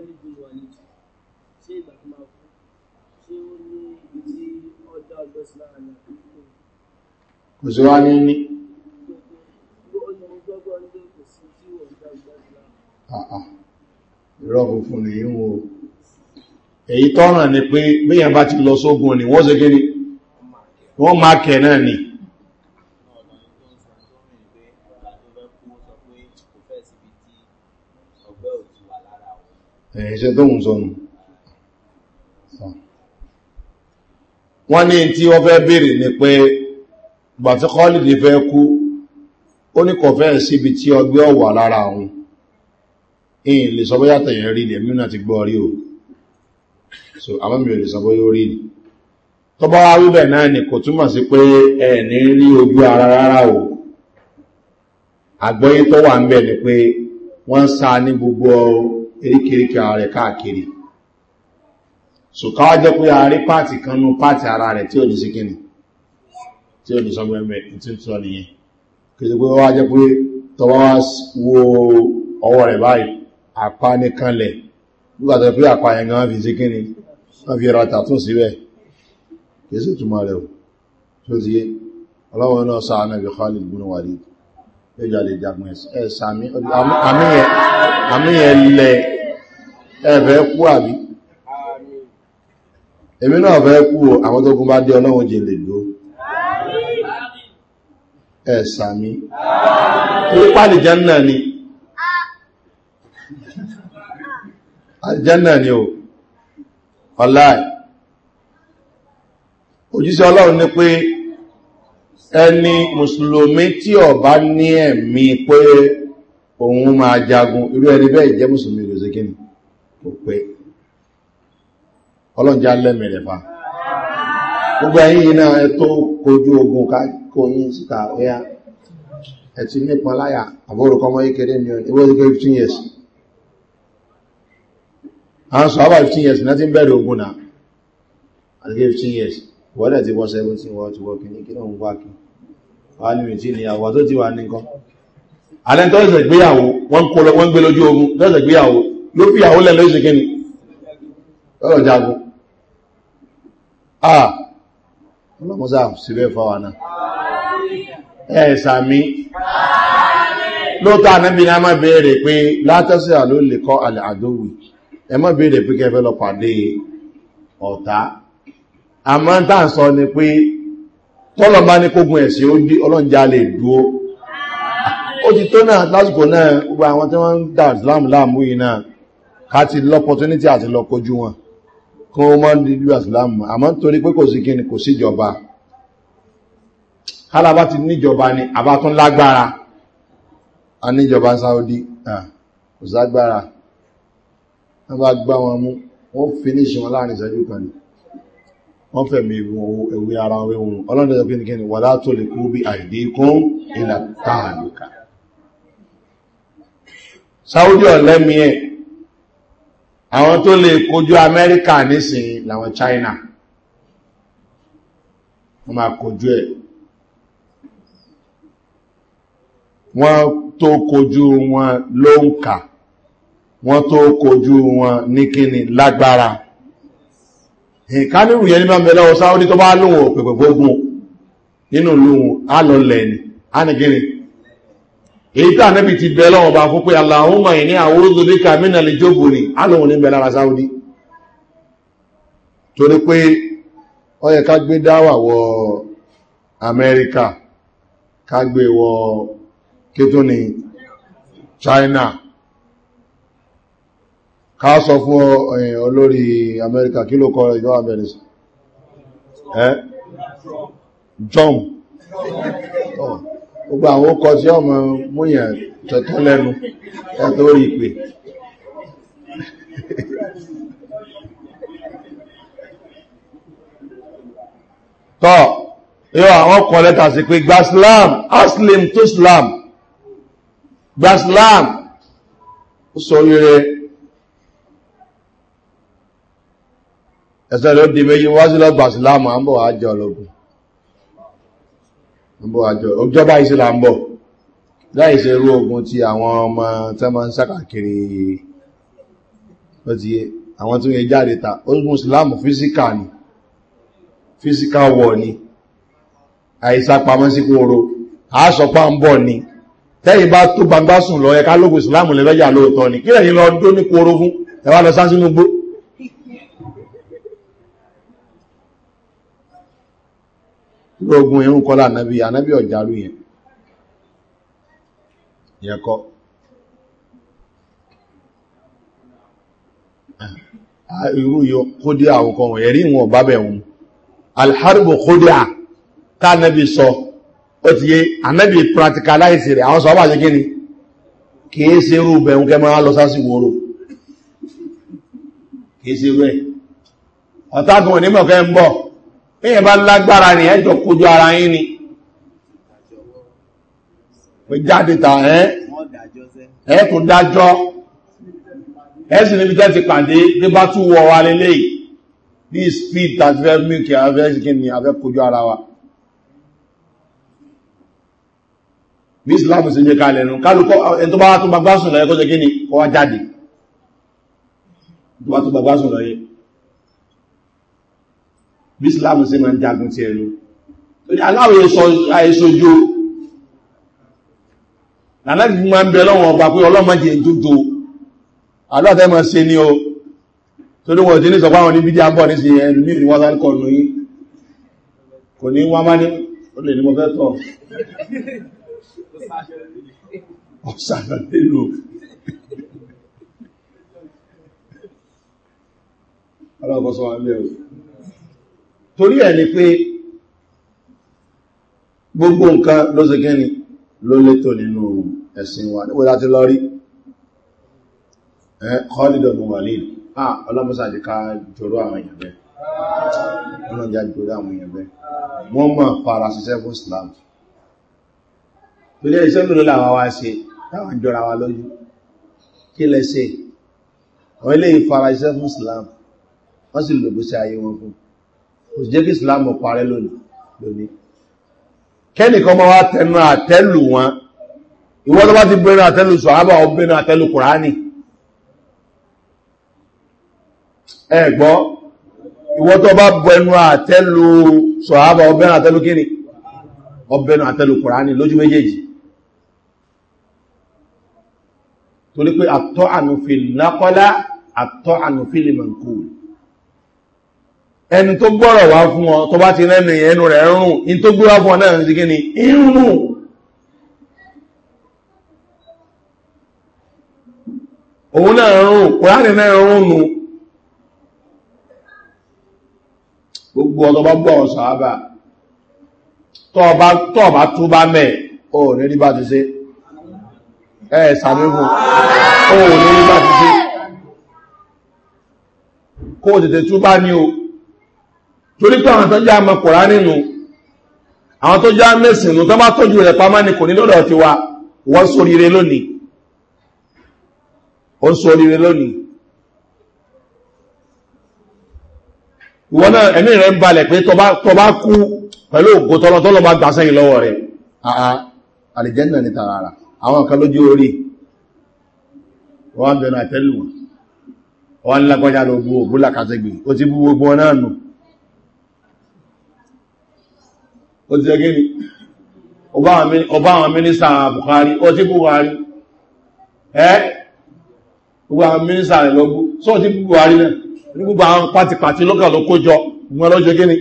ní ní àà ìrọ́bù fún ní ìwò èyí tọ́ràn ni pé bíyàn bá ti lọ sógun ni wọ́n se gíní wọ́n má kẹ náà ni ẹ̀ṣẹ́ tó ń sọnù wọ́n ní tí wọ́n fẹ́ bèèrè ni pé gbàtíkọ́lì fẹ́ kú ó ní kọ̀fẹ́ síbi tí ọgbẹ́ ọ̀wà lára àwọn in le sọ bóyá tẹ̀yẹ̀ rí lè mínà ti gbọ́ rí o so àwọn sọ bóyá náà ni kò túmọ̀ sí pé ẹ̀ ní ojú ara rárá o àgbọ́yé tó wà ń bẹ̀ ni pé sa ní gbogbo eríkèríkè ara rẹ̀ káàkiri so káwá jẹ́ pé a rí kan nú ara rẹ̀ tí ò ní sí kíni tí ò ní sọ tí ń sọ nìyẹn kìí pé àpánikanlẹ̀ nígbàtọ̀ pé àpáyẹn gan fi sí kíni wọ́n fi rata tún síbẹ̀ kìí sí túnmọ̀ rẹ̀ tó ti yé ọlọ́wọ́ náà sáà náà bí khalid bin walid lẹ́jọ́ lè jagun ẹ̀sà àmìyàn lẹ ẹ̀fẹ́ kú àbí èmi náà fẹ́ kú àwọn tó kún bá dé ọlọ́run jẹ lè dó ẹ̀sà mi torípàlì jẹ́ náà ni àjẹ́nà ni ò ọláì òjíṣẹ́ ọlọ́run ní pé ẹni mùsùlùmí tí ọ̀bá ní ẹ̀mí pé òun máa jagun irú ẹni bẹ́ẹ̀ jẹ́ mùsùlùmí ìrọ̀sẹ̀ kí ni kò pé ọlọ́njá lẹ́mì rẹ̀ fa gbogbo ẹ̀yìn iná ẹ̀tọ́ kojú ogun káàkó yín síta ẹ̀yà ẹ̀tí nípa láyà àbórùkọ́mọ́ ìkéré ni ó ní 15 years àwọn about 15 years náà ti ń bẹ̀rẹ̀ ogun náà àti 15 years wọ́dẹ̀ ti wọ́ 17 wọ́n ti wọ́ kìíní kí náà ń wá kí wá ní ìtí ni àwọn tó ti wà ní and alẹ́ tó ṣẹ̀ gbéyàwó wọ́n kó lọ wọ́n gbé lójú ogun tó ṣẹ̀ gbéyàwó ló fi ìyàwó lẹ̀ lóṣù kí ni oh jagun ah ọlọ́mọsá síbẹ̀ fáwọn náà ẹ̀ sàmí lóòótọ́ ànábìnrin a máa béèrè pé látọ́sí àló kọ́ àlẹ́ àdówì ẹ mọ́ bèèrè pé kẹfẹ́ lọ pàdé ọ̀tá àmọ́ tá ń sọ ni pé tọ́lọ̀ bá ní kógun ẹ̀sì ó dí ọlọ́njá lè dúó ó ti tó náà lásìkò náà gbogbo àwọn tí wọ́n ń dà láàmù láàmù yìí náà ká ti lọ́pọ̀túnítì àti lọ kojú wọn kí wọ́n mọ́ ní ìlú àsìláàmù àmọ́ torí pé kò sí kí ni kò sí ìjọba kálábá ti níjọba ni àbá tún lágbára a níjọba sáódì kò ságbára wọ́n bá gbá wọn mú wọ́n fínísì wọn láàrin ìṣẹ́jú kan ní wọ́n fẹ̀mí ìwé ara orí ohun ọlọ́dẹ̀ ọ̀fẹ́ nìkẹ́ni wà látò lè kú bí àìdí kún tààlùkà saudi ọ̀lẹ́mí ẹ̀ àwọn tó lè kojú amẹ́ríkà nísìn làwọn china wọ́n máa kojú ẹ̀ wọ́n tó kojú wọn ló wọ́n tó kojú wọn ní kíni lágbára ní yẹn nígbà mẹ́lẹ́wọ̀ sáwọ́dí tó bá lóhun òpèpè gbógun nínú lóhun alọ́lẹ̀ ni a ní kíni èyí tí ànẹ́bì ti bẹ bá fún pé aláhùnmọ̀ ní china ká sọ fún eh, olórí amẹ́ríkà kí ló kọ́ ìjọ amẹ́ríkà ẹ́ eh? john gbogbo àwọn ọkọ̀ tí ọmọ múyàn tẹ̀tọ́ lẹ́nu ẹ̀tọ́ orí ìpè tọ́ yóò àwọn kan lẹ́ta sí pé gbaslam aslim to slam gbaslam sọ rere ẹ̀sọ́ ló di méjì wá sí lọ́gbà sílámù à ń bọ̀ àjọ ológun ọjọ́bá ìsìlá ń bọ̀ láì ṣe rú ogun ti àwọn ọmọ tẹ́ ma ń sàkàkiri lọ́tíyé àwọn tí wọ́n jáde ta ogun sílámù físíkà ni físíkà wọ̀ ni àìsàpamọ́ sí kóró àásọpá ń bọ̀ ni tẹ́yìn bá tó gbangbásùn lọ ẹ̀ká lógun sílámù lẹ́lọ́jà lóòótọ́ ni kílẹ̀ yìí lọ dó ní kóró fún ẹ̀wà lọ sánsínú gbó ogun irun kọ́lá ànábí ànábí ọ̀járú yẹn yẹn kọ́ ah, irú yọ kódí àwọn kan wọ̀nyẹ̀ rí wọn alharbo kódí à tá ànábí sọ ó ti yé ànábí practicalize rẹ̀ àwọn sọ bá ṣe kí ni kìí ṣe irú bẹ̀rún kẹ máa lọ sásìwò oró kìí ṣe irú ẹ̀ ọ̀tá èyàn bá lágbára ní ẹjọ́ kójú ara yín ni pé jáde tà ẹ́ ẹ́ tó dájọ́ ẹ́ sì níbi jẹ́ ti pàdé bí bá tún wọ wa lélẹ̀ bí speed tàbí fẹ́ mílkì afẹ́ síkí ni afẹ́ kójú ara wa bí islam sí jẹ́ kalẹ̀ nù kálùkọ́ ẹni tó tó gbagbásùn lọ́yẹ́ kó jẹ́ kí ni kọ́ wá jáde tó bá tó gbagbásùn lọ́yẹ́ bí islam sí ma ń jagun ti ẹnu torí aláwọ̀ àìsojú lànàbí ma ń bẹ lọ́wọ́ ọba pé ọlọ́mọdé dúdú aláàtẹ́ ma ṣe ní o torí wọ́n ti ní sọpá wọn ní bídí àbọ̀ ní sí ẹnu ní ìwọ́n sáré kọlu yí kò ní wọ́n má ní ó lè ní mo fẹ́ torí ẹ̀ ni pé gbogbo nǹkan ló se gẹ́ni ló létò nínú ẹ̀sìn wa níwọ̀n láti lọ rí ẹ̀ kọ́lìdọ̀gbọ̀n wà nílùú ah ọlọ́mọsáàdì ká jòrò àwọn èèyàn bẹ́ ọlọ́jà jòrò àwọn èèyàn bẹ́ wọ́n mọ̀ fara ṣiṣẹ́ fún islam torí iṣẹ́ mìíràn làwọn wá ṣe táwọn jọra wa lójú kí lẹ wọ́n ilé ìfara ṣiṣẹ́ fún islam wọ́n sì lògbó sí ayé wọn fún kò sí jẹ́ kí islam parẹ́ lónìí kẹ́nìkan máa wá tẹnu àtẹ́lù wọn ìwọ́n tó bá ti bẹ̀rẹ̀ àtẹ́lù sọ̀hábà ọbẹ̀rẹ̀ àtẹ́lù kùránì ẹ̀gbọ́ ìwọ́n tó bá bẹ̀rẹ̀ àtẹ́lù sọ̀hábà ọbẹ̀rẹ̀ àtẹ́lù kíni ọbẹ̀rẹ̀ àtẹ́lù kùránì lójú méjèèjì torí pé àtọ́ ànúfin lákọ́lá àtọ́ ànúfin lè mọ̀ kúrò ẹni tó gbọ́rọ̀ wá fún ọ tó bá ti rẹ́nì ẹnu rẹ̀ rún in tó gbọ́rọ̀ fún ọ náà ti gíní irúnù òun náà rún kùránì náà rúnnù gbogbo ọ̀tọ̀ bá gbọ́ ọ̀sọ̀ àbá tọ́ọ̀bá tó bá mẹ́ ò rí bá ti ṣe ẹ̀ sàmí fún ò rí bá ti ṣe kó tètè túbá ní o torí pé àwọn tó jẹ́ àmọ́ kòrá nínú àwọn tó jẹ́ mẹ́sìn nù tó bá tọ́jú rẹ̀ pamá ní ní lọ́dọ̀ ti wa wọ́n sóríire lónìí ó sóríire lónìí ìwọ́n náà ẹ̀mí rẹ̀ ń balẹ̀ pé tọ́ bá kú pẹ̀lú ògo tọ́lọ́tọ́lọ́ bá gbà sẹ́yìn lọ́wọ́ rẹ̀ àlìjẹ́nà ní tààrà àwọn kan lójú orí wọ́n bẹ̀rẹ̀ àtẹ́lù wọn lágbọ́já lọ gbogbo lákàtẹ́gbì ó ti bú gbogbo náà nù ó ti jẹ́ gíní ọba àwọn mínísà buhari ó ti buhari ẹ́ gbogbo àwọn mínísà buhari náà ní gbogbo àwọn pàtìpàtì lọ́kà ló lọ́jọ́ gíní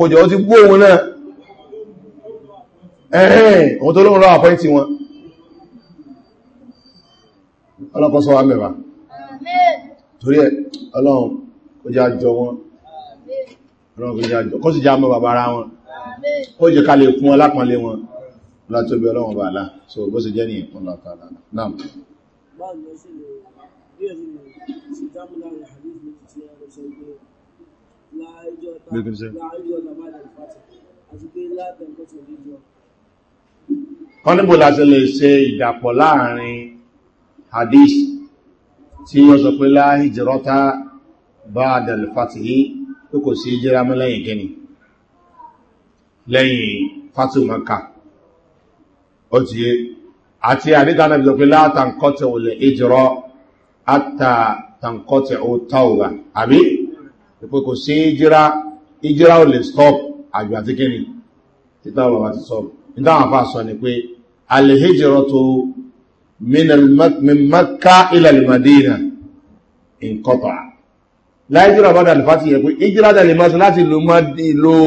ó ti òun náà ẹ̀ẹ́ òun tó lóun rọ wọn kó sì já mọ́ bàbá ara wọn ó jẹ́ ká lè fún ọlápọ̀lé wọn látóbi ọlọ́wọ̀n bá àlá so bó sì jẹ́ ní ìpín látàlá náà wọ́n níbò láti lè ṣe ìdàpọ̀ láàrin hadith tí wọ́n sọ pé láàájì rọ́ta bá dàlfàtìyí pé kò sí ìjẹ́ra mọ́ lẹ́yìn gẹ́ni lẹ́yìn fatimaka ó ti yé àti àdídánà bí lọ́pẹ́ látàkọ́tẹ̀ olè ìjọrọ àtàkọ́tẹ̀ ó tàùrà àbí pé kò sí ìjẹ́ra ìjẹ́ra ò lè stop àjò àti gẹ́ni títà bàbá ti sọ ìdáhùn àfà sọ ni pé àlèhìjọrọ tó mímaka ilẹ̀ lè in kọ́tàá láìjíra bá dàlùfà ti yẹ pé ìjíra dàlè máa láti lo ìlò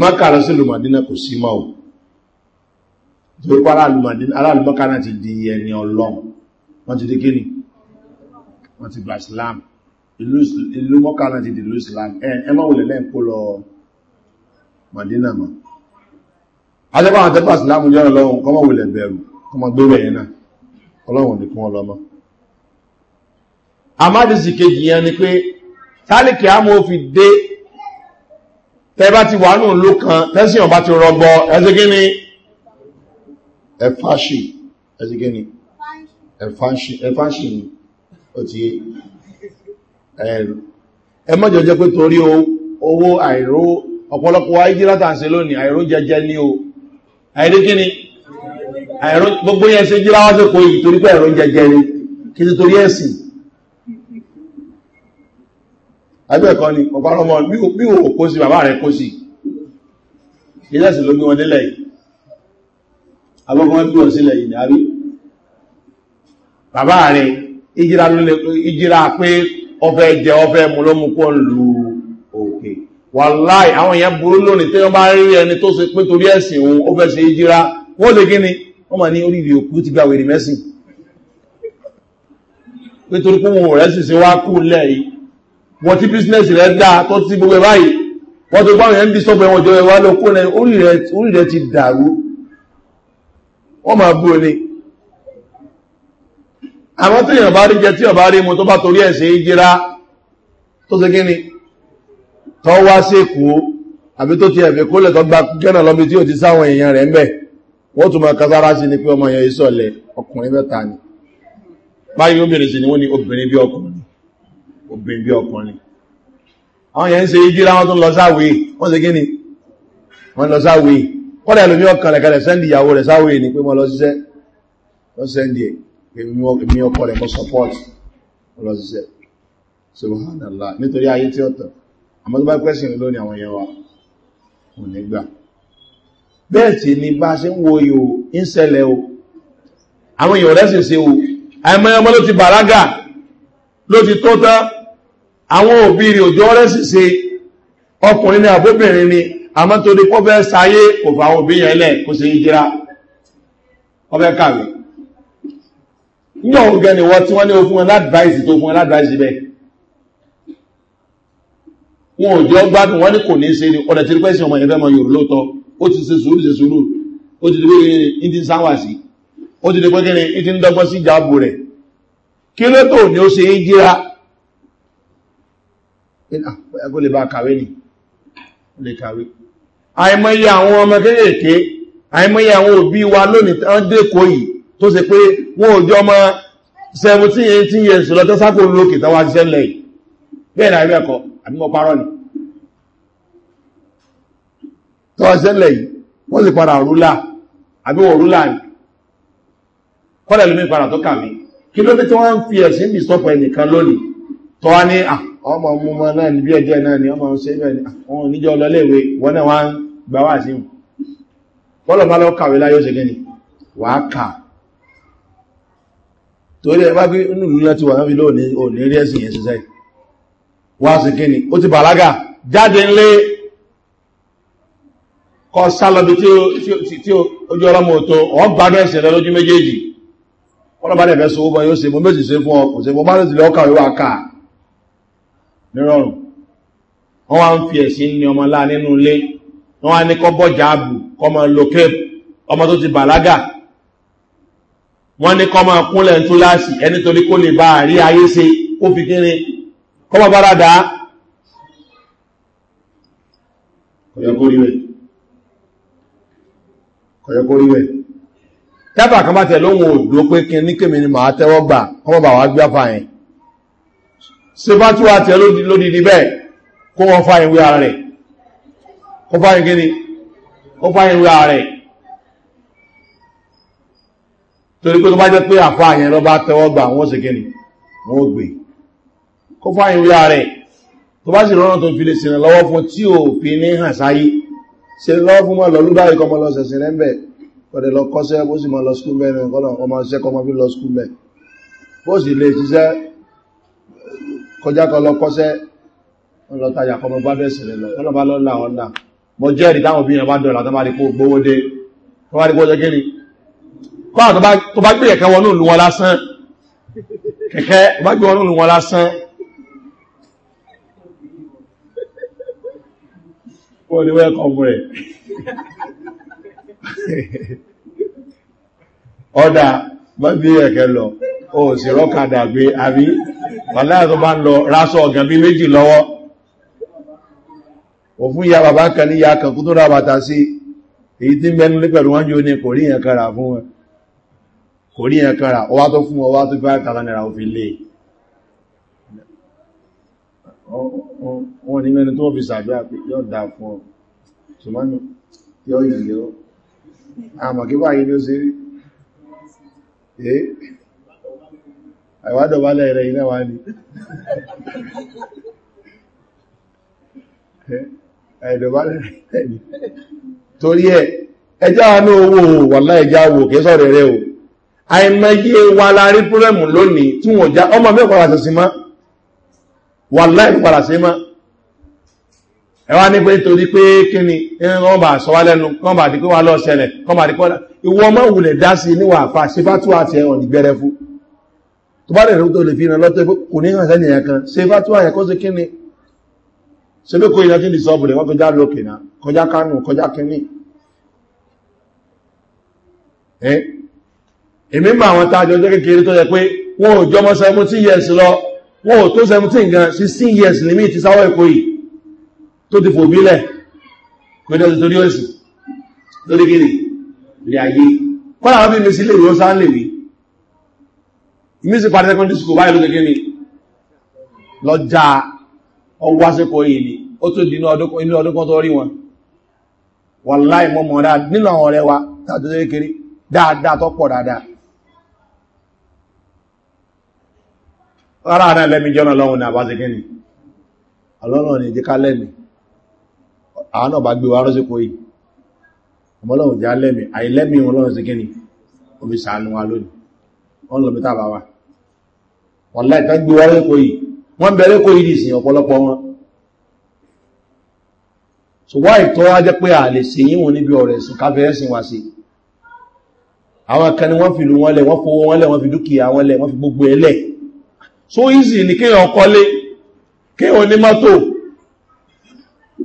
mọ́kà lọ sí lùmọ̀dínà kò sí máa torí pa aláàlùmọ́kà náà ti di ẹni ọlọ́run wọ́n ti di kíni wọ́n ti gba islam ìlú mọ́kà náà ti di ìlú islam ẹ máa wùlẹ̀ lẹ́yìn kó lọ mọ̀dínà mọ́ adébáwọn tẹ́gbà islam jẹ́ ọlọ́run kọ́mọ̀ wùlẹ̀ bẹ̀rù kọ́mọ̀ gbé bẹ̀yẹn náà ọlọ́run ní kún ọlọ́mọ́ àmádìsì kejì yẹn ni pé tálìkì àmọ́ ó fi dé tẹ́bá ti wà nù ló kan tẹ́sí ọ̀bá ti rọgbọ ẹ̀ṣẹ́gíní ẹ̀fáṣì ẹ̀ṣẹ́gíní ẹ̀fáṣì ẹ̀fáṣì ni ó ti ẹ mọ́jọ pé torí owó àìró ọ̀pọ̀lọpọ̀ wáyé látàṣẹ lónìí àìró jẹjẹ ní o àìríkíní gbogbo yẹn ṣe jí láwáṣẹ́ kò yìí torí pé àìró jẹjẹ ni kí ti torí ẹ̀sìn abẹ́ ẹ̀kọ́ ni ọ̀pọ̀lọmọ bí o kó sí bàbá rẹ̀ kó sí ìlẹ́sì ló gbé wọn délẹ̀ yìí abọ́kọ́ bí wọ́n sílẹ̀ yìí dárí bàbá rẹ̀ ìjírá pé ọfẹ́ jẹ ọfẹ́ mú ló mú kọ́ lù òkè wàláì àwọn èèyàn burú lónìí tí wọ́n bá rí ẹni tó ṣe pé torí ẹ̀sìn òun ó fẹ́ ṣe ìjírá wọ́n lè gíní wọ́n mà ní oríire òkú ti gbà wèrè mẹ́sìn pé torí pé wọn ò sí wá kú lẹ́yìn wọ́n tí bísínẹ́sì rẹ̀ dá tó ti gbogbo ẹ̀ báyìí wọ́n tó gbáwọn ẹ̀ ń bí sọ́pọ̀ ẹ̀wọ̀n jọ ẹ̀wà lọ kó rẹ̀ orí rẹ̀ ti dàrú wọ́n máa bú ẹni àwọn tí èèyàn bá rí jẹ tí ọ̀bá rí mu tó bá torí ẹ̀ ṣe é jíra tó ṣe kíni tó wá sí èkó àbí tó ti ẹ̀fẹ̀ kólẹ̀ tó gba gẹ́nà lọ́bi tí ò ti sáwọn èèyàn rẹ̀ ń bẹ̀ wọ́n tún máa kására sí ni pé ọmọ yẹn ìsọ̀lẹ̀ ọkùnrin mẹ́ta ni báyìí obìnrin sì ni wọ́n ni obìnrin bí ọkùnrin obìnrin bí ọkùnrin àwọn yẹn ń se ìjíra wọn tó lọ sáwé wọ́n se gíní wọ́n lọ sáwé kọ́lẹ̀ ẹlòmí ọkàn rẹ̀ kalẹ̀ sẹ́ndì ìyàwó rẹ̀ sáwé ní pé wọ́n lọ síṣẹ́ wọ́n sẹ́ndì èmi ọkọ̀ rẹ̀ mọ́ support wọ́n lọ àwọn ni bá ṣe ń wo yòó ń ṣẹlẹ̀ o àwọn èèyàn rẹ̀ sì ṣe o àìmọ́ ọmọ ló ti bàlágà ló ti tó tán àwọn òbí rẹ̀ òjò ọ̀rẹ́ sì ṣe ọkùnrin ní àbóbìnrin ni àmọ́ tó dé kọ́ fẹ́ sáyé òbí yẹn kàwé yóò ni wọ́n tí wọ́n ní fún wọn tó fún wọn ládìváìsì wọn ò jọ gbádùn ní kò ní ni ọ̀dẹ̀ tí pẹ́sì ọmọ yẹn fẹ́ mọ yòrò lóòótọ́ ó ti se sùúrù se sùúrù ó ti ní ti ti ẹgbẹ́ ah, lè bá kàwé nì lè kàwé àìmọye àwọn ọmọ kéèkéé àìmọye àwọn òbí wa lónìí tán dẹ́kọ́ yìí tó se pé wọ́n ò jọ mọ́ 17-18 years lọ tán sákò lókè tán wá jíṣẹ́ lẹ̀ bẹ́ẹ̀ náà ẹgbẹ́ ẹ̀kọ́ àbímọ̀ parọ́ ni tán wá jíṣẹ́ lẹ̀ yìí wọ́n sì padà rúlà àbíwọ̀ rúlà ni kọ́lẹ̀ lómi padà tó kàwé kí ló dé tí wọ́n ń fi ẹ̀sìn bì sọ́pọ̀ ẹnìkan lónìí tọ́wá ní à ah, ọmọ mú ma náà ní bí ẹjẹ́ náà ni ọmọ ṣe ibẹ̀ wọn níjọ́ lọléèwé wọ́n náà wọ́n gbà wà sí bọ́lọ̀ bá lọ kàwé láyé ṣe gẹ́ni wà á kà torí ẹ bá bí inú ìlú láti wà náà fi lóò ní òní rí ẹ̀sìn yẹn ṣiṣẹ́ wà á sì gẹ́ni ó ti bàlágà nírọ̀rùn wọ́n wá ń fi ẹ̀sìn ní ọmọ láà nínú ilé wọ́n wá ní kọ́ bọ́jà ààbò kọ́ máa lo kéèpù ọmọ tó ti bàlágà wọ́n ní kọ́ máa kúnlẹ̀ ń túláàsì ẹni torí kó lè bá àrí ayé se ó fi kéré kọ́ kan bá tẹ̀ lóhun òdó pé kí ní kèmí ni màá tẹ́wọ́ gbà kọ́ bá wá gbáfà yẹn ṣe bá tí wà tẹ́ lódìdí bẹ́ẹ̀ kó wọ́n fa ìwé ara rẹ̀ kó fa ìwé ni kó fa ìwé ara rẹ̀ torí pé tó bá jẹ́ pé àfa yẹn lọ bá tẹ́wọ́ gbà wọ́n ṣe kí ni wọ́n gbé kó fa ìwé ara rẹ̀ tó bá sì rọ́nà tó fi lè sìnà lọ́wọ́ fún tí ò fi ní hàn sáyé ṣe lọ́wọ́ fún mọ́ lọ lúbáyé kọ́ mọ́ lọ sẹ̀sìn rẹ̀ ń bẹ̀ ọ̀dẹ̀ lọ kọ́sẹ́ bó sì mọ́ lọ skúl bẹ́ẹ̀ ni ọmọ ṣẹ́kọ́ mọ́ fi lọ skúl bẹ́ẹ̀ bó sì lè ṣiṣẹ́ kọjá kan lọ kọ́sẹ́ ọlọ́tajà kọmọ bá bẹ́ẹ̀ sílẹ̀ lọ ọlọ́ba lọ́la ọ̀nà mọ jẹ́rì táwọn òbí yẹn bá dọ̀là tó bá rí kó gbówó dé tó bá rí kó jẹ́ kéré kọ́nà tó bá gbé kẹ̀kẹ́ wọnú ìlú wọn lásán kẹ̀kẹ́ tó bá gbé ni wẹ́ẹ̀kọ́ bá bí ẹ̀kẹ́ lọ o sì rọ́kàdà gbé àbí wàláàtò bá ń lọ rásọ ọ̀gàn bí méjì lọ́wọ́ o fún ìyá bàbá kan ní ìyá kan kú tó rà bàtà sí èyí tí mẹ́nu lé pẹ̀lú wọ́n jò ní kò rí yẹn kára fún wọn kò rí yẹn kára ọwá tó fún ọwá tó fẹ́ kàtà náírà òfin lè wọ́n ní mẹ́nu tó fi sàdúrà pé yóò dá fún ọ ṣùgbọ́n yóò àmọ̀ kí wáyé ló ṣe rí eh àìwádọ̀bálẹ̀ rẹ̀ iná wá ní eh? àìdọ̀bálẹ̀ rẹ̀ ní torí ẹ ẹjá ní owó wàlá ẹjá wò kí sọ́rẹ̀ rẹ̀ o àìmọye wà láàrin púrẹ̀mù lónìí tí wọ́n já ọmọ mẹ́kọ̀ọ́ ẹwà ní pé torí pé kí ni wọ́n bá sọ wá lẹ́nu kọ́n bá di pé wà lọ ṣẹlẹ̀ kọ́n bá di pọ́lá ìwọ ọmọ ìwùlẹ̀ dá sí níwà àfà ṣe bá tó àti ẹ̀hàn ìgbẹ̀rẹ̀ fún tó bá rẹ̀ tó lè fi ìrìn lọ́tọ́ kò ní hàn sẹ́nìyàn kan ṣe bá tó àyẹ̀kọ́ sí kí ni ṣe bí kò yẹ kí ni sọ́ọ̀bùlẹ̀ wọ́n kọjá lókè náà kọjá kánù kọjá kínní èmi mọ àwọn tá a jọjọ kékeré tó yẹ pé wọn ò jọmọ seventeen years lọ wọn ò tó seventeen gan sixteen years limit sáwọ́ èkó yìí tó ti fòbílẹ̀ kòdẹ̀ tó torí òsì lórí gíní rí ayé kọ́nà wọ́n bí mi sílé ìwọ́n sáà lè wí mísì parí secondary school báyìí lókè gíní lọ́jà ọwọ́ àsẹ́kọ̀ọ́ yìí ni ó tó dínú ọdún kan tó rí wọn wà láì mọ́ mọ́ dáa nínú àwọn ọ̀rẹ́ wa tàbí tó kéré dáadáa tó pọ̀ dáadáa rárá náà lẹ́mi jọ́nà lọ́wọ́ ní àbáṣe gíní ọlọ́run ní ìdíkálẹ́mìí àwọn náà bá gbé wa rọ́síkò yìí ọmọlọ́run já lẹ́mì àìlẹ́mì ọlọ́run sí kíni omi sàánú wa lónìí wọ́n lọ bí tàbà wa wọ́n láì tán gbé wa rọ́síkò yìí wọ́n bẹ̀rẹ̀ so wá ìtọ́ wá jẹ́ pé àlè sí yí wọn níbi ọ̀rẹ̀ sùn káfẹ́ ẹ̀sìn wa sí àwọn kan ni wọ́n fi lù wọn lẹ̀ wọ́n fowó wọn lẹ̀ wọ́n fi dúkìá wọn lẹ̀ wọ́n fi gbogbo ẹlẹ̀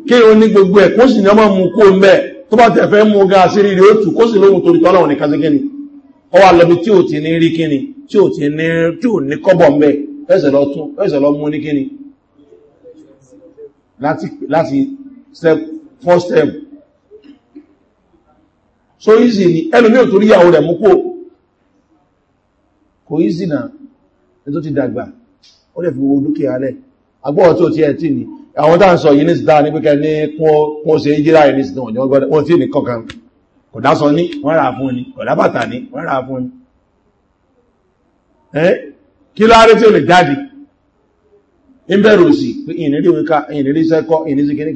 kí o ní gbogbo ẹ̀ kó sì ní ọmọ mú kó mẹ́ tó bá tẹ̀ fẹ́ mú ga sí rírì ó kó sì lóhun torí ní ọ wà tí ò ti ní rí kíni tí ò ti ní tí ò ní kọ́bọ̀ mẹ́ lọ step first step so easy ni rẹ̀ mú kó kò easy tó ti dàgbà ó dẹ̀ fi dúkìá rẹ̀ ti àwọn tá à ń sọ yìí ní sídá ní pẹ́kẹ́ ní kún ó ṣe ìjírá yìí ní sídá òjò gbọ́dọ̀ wọ́n tí ní kọ̀kan kò dásọ ní wọ́n rà fún ní kò dábàtà ní wọ́n rà fún ní ẹ́ kí láàrẹ tí ó lè jáde ń bẹ̀rù sí pé ìnírí sẹ́kọ́ ìnírí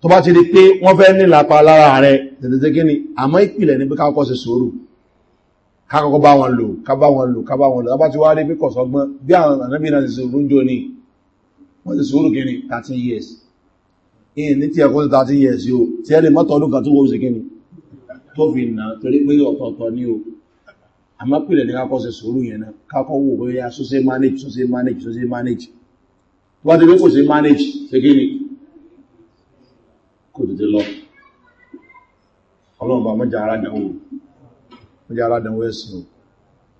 tó bá ti rí pé wọ́n fẹ́ ní lápá lára rẹ̀ tẹ̀tẹ̀tẹ̀ kí ni àmọ́ ìpìlẹ̀ ní pé káàkọ́ sí sòrò káàkọ́ bá wọn lò kábá wọn lò kábá wọn lò bá ti wá rí pé kọ̀sọ́gbọ́n bí àwọn ànábì náà ti sòrò ń jò ní wọ́n ti sòrò kí ni 13 years in ní tí ẹ̀kọ́ sí years yóò tí ẹ̀rẹ̀ mọ́tọ̀ ọdún kan tó wọ́n sì kí ni tó fi nà torí pé ọ̀tọ̀ọ̀tọ̀ ní o àmọ́ pìlẹ̀ ní káàkọ́ sí sòrò yẹn náà káàkọ́ wò bóyá sósé manage sósé manage sósé manage tó bá ti rí kò sí manage ṣe kí ni kò tètè lọ ọlọ́ọ̀bá mọ́já aládánwò mọ́já aládánwò ẹ̀sìn o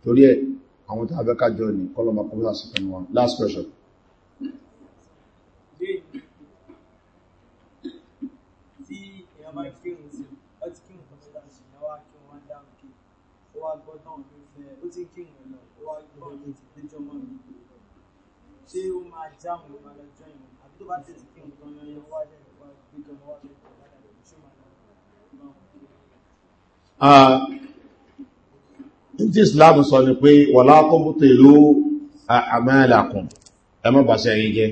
torí ẹ̀ àwọn tó abẹ́ká jọ ní kọlọ̀bá kọlọ̀bá sí wọn last question Ṣé ó máa jáwọn ìbàlẹ̀ jọ ìrìn àbí tó bá tẹ̀sí kí nǹkan yọ yọ wáyé? tí ah, islamu sọ ni pé wà látọ́bútò ìlú àmàlàkùn ẹmọ́ bàṣẹ yìí jẹ́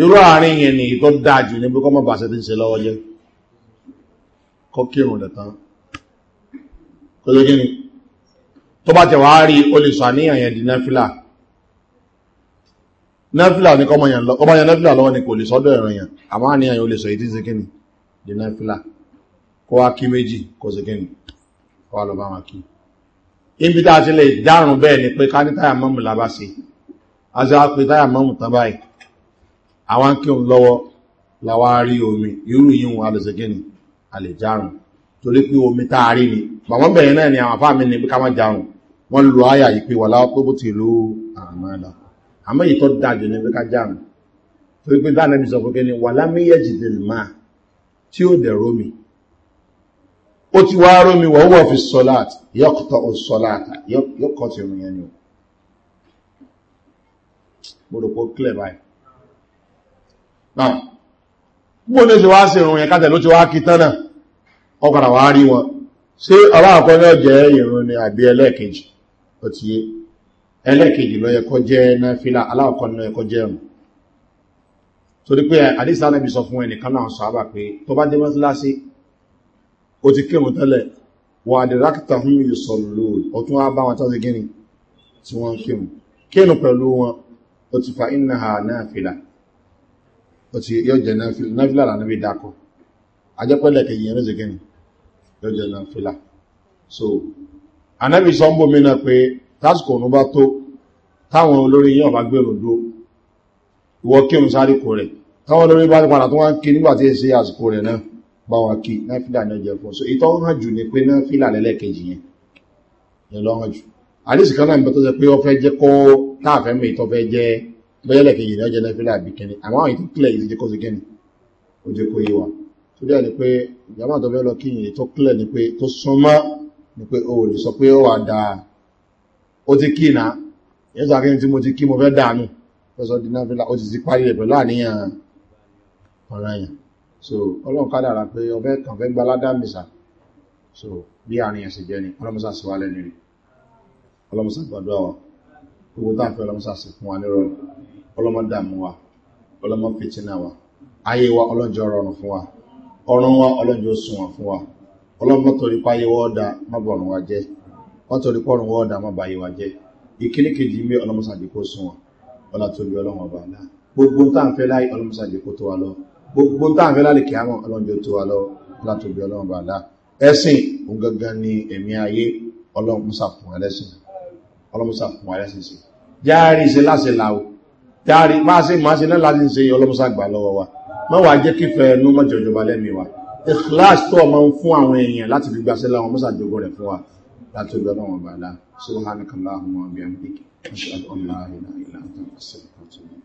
irú àárín yẹn ni tó dájú ní bíkọ́ mọ́ bàṣẹ tí ń se lọ́wọ́ jẹ́ kọ́ kírùn lẹ́tàn kọjọ́ gíní tó bá tẹ̀wàá rí olùsọ àníyàn yẹn dínà fílà nẹ́fìlà ní kọmọ yẹn lọ ọmọ yẹn nẹ́fìlà lọ́wọ́ ni kò lè sọ́dọ̀ ẹ̀rọ yẹn àmọ́ àníyàn yóò lè sọ ìdí síkíní di nẹ́fìlà kó wá kí méjì kó síkíní kó wá lọ bá wọn kí ibi tá lè dárùn bẹ́ẹ̀ ni pé ká ní táyà mọ́mù làbá sí a sì wá pé táyà mọ́mù tán báyìí àwọn kí òun lọ́wọ́ làwa rí omi irú yìí wọn a lè síkíní a lè járùn torí pé omi tá ni bàbá bẹ̀rẹ̀ náà ni àwọn afá mi ní pé wọ́n lo àyà yìí wà láwọn pé bó ti lo àmàlà àmọ́ yìí tó dájú ní wíká jáàmù tó wípé dánàbí sọ pé ní wà lámíyẹ̀jì dè má tí ó dẹ̀ rómi ó ti wá rómi wọ́n wọ́ fi sọ́láàt yọ́kọ̀tọ̀ ò sọ́láàtà yọ́kọ̀ tí òun yẹn ni ó gbọ́dọ̀pọ̀ clear báyìí náà gbogbo ní ó ti wá ẹlẹ́ẹ̀kejì lọ yẹkọ́ jẹ́ náfílà aláwọ̀kọ́ ní ẹkọ́ jẹ́ ẹ̀rùn torí pé àdísà náà bí sọ fún ẹnìkan náà sọ àbà pé tó bá dé mọ́síláṣí ó ti kírun tẹ́lẹ̀ wà àdìrákítà fún mi sọ̀rọ̀ lóòrì ọ̀tún wá wọn tó fa iná ha náfílà ó ti yọ jẹ náfílà là níbi dákọ ajẹ́pẹ́lẹ̀ kẹyìn ẹ̀rọ ti gíní yọ jẹ náfílà so anábì sọ ń tásìkò ọ̀run bá tó táwọn olórí yíò bá gbẹ̀rùn dó ìwọ kí òun sáré kò rẹ̀ táwọn olórí bá padà tó wá ń kí nígbàtí ṣe àsìkò rẹ̀ náà bá wà kí náfílà náà jẹ fún so ìtọ́ hàn jù ní pé náfílà lẹ́lẹ́kejì yẹn yẹn lọ hàn jù àdísì kan náà ń bẹ tó sẹ pé ó fẹ́ jẹ́ kó táàfẹ́ mi ìtọ́ fẹ́ jẹ́ lẹ́lẹ́kejì náà jẹ́ náfílà bí kẹni àwọn àwọn ni pé ìjàmbá ni pé tó súnmọ́ pé ó wà dáa ó ti kí náà yẹn sọ akẹ́yìn tí mo ti kí mo fẹ́ dànù lọ́sọ̀ dínà fílà ó ti ti parí rẹ̀ pẹ̀lú àníyàn ọ̀ràn yẹn so ọlọ́run ká dára pé ọbẹ̀ kan fẹ́ gba ládá mìsà so bí àárín ẹ̀sìn jẹ́ ni ọlọ́mọsà sí wa lẹ́nu rí ọlọ́mọsà gbọ́dọ̀ wa gbogbo tá a fẹ́ ọlọ́mọsà sí fún wa nírọ̀rùn ọlọ́mọ dààmú wa ọlọ́mọ fìtínà wa ayé wa ọlọ́jọ́ rọrùn fún wa ọrùn wa ọlọ́jọ́ sùn wọn fún wa ọlọ́mọ torí páyé wọ́ọ́dà mọ́bọ̀rùn wa jẹ́ wọ́n torí pọ́rùn wọ́n ọ̀dà máa báyìí jẹ́ ìkíní kejì ń bẹ ọlọ́mọsàdì kó sún ọlọ́run ọba náà gbogbo tá ń fẹ́ láì ọlọ́mọsàdì tó wa lọ gbogbo tá ń fẹ́ láì kí á tó wa lọ ọlá tóbi ọlọ́run ọba náà ẹ̀sìn òun gangan ni ẹ̀mí ayé ọlọ́mọsà fún ẹlẹ́sìn ọlọ́mọsà fún ẹlẹ́sìn sí jáàrí ṣe láṣẹ làwọ̀ jáàrí máa ṣe máa ṣe náà láti ṣe ọlọ́mọsà gbà lọ́wọ́ wa má wàá jẹ́ kífẹ́ ẹnu mọ́jọ́jọba lẹ́mìí wa ìkíláàsì tó ọmọ ń fún àwọn èèyàn láti fi gbaṣẹ́ láwọn لا تقدرون وبعلا سبحانك اللهم وبحمدك أشهد أن لا إله إلا أنت أستغفرك وأتوب إليك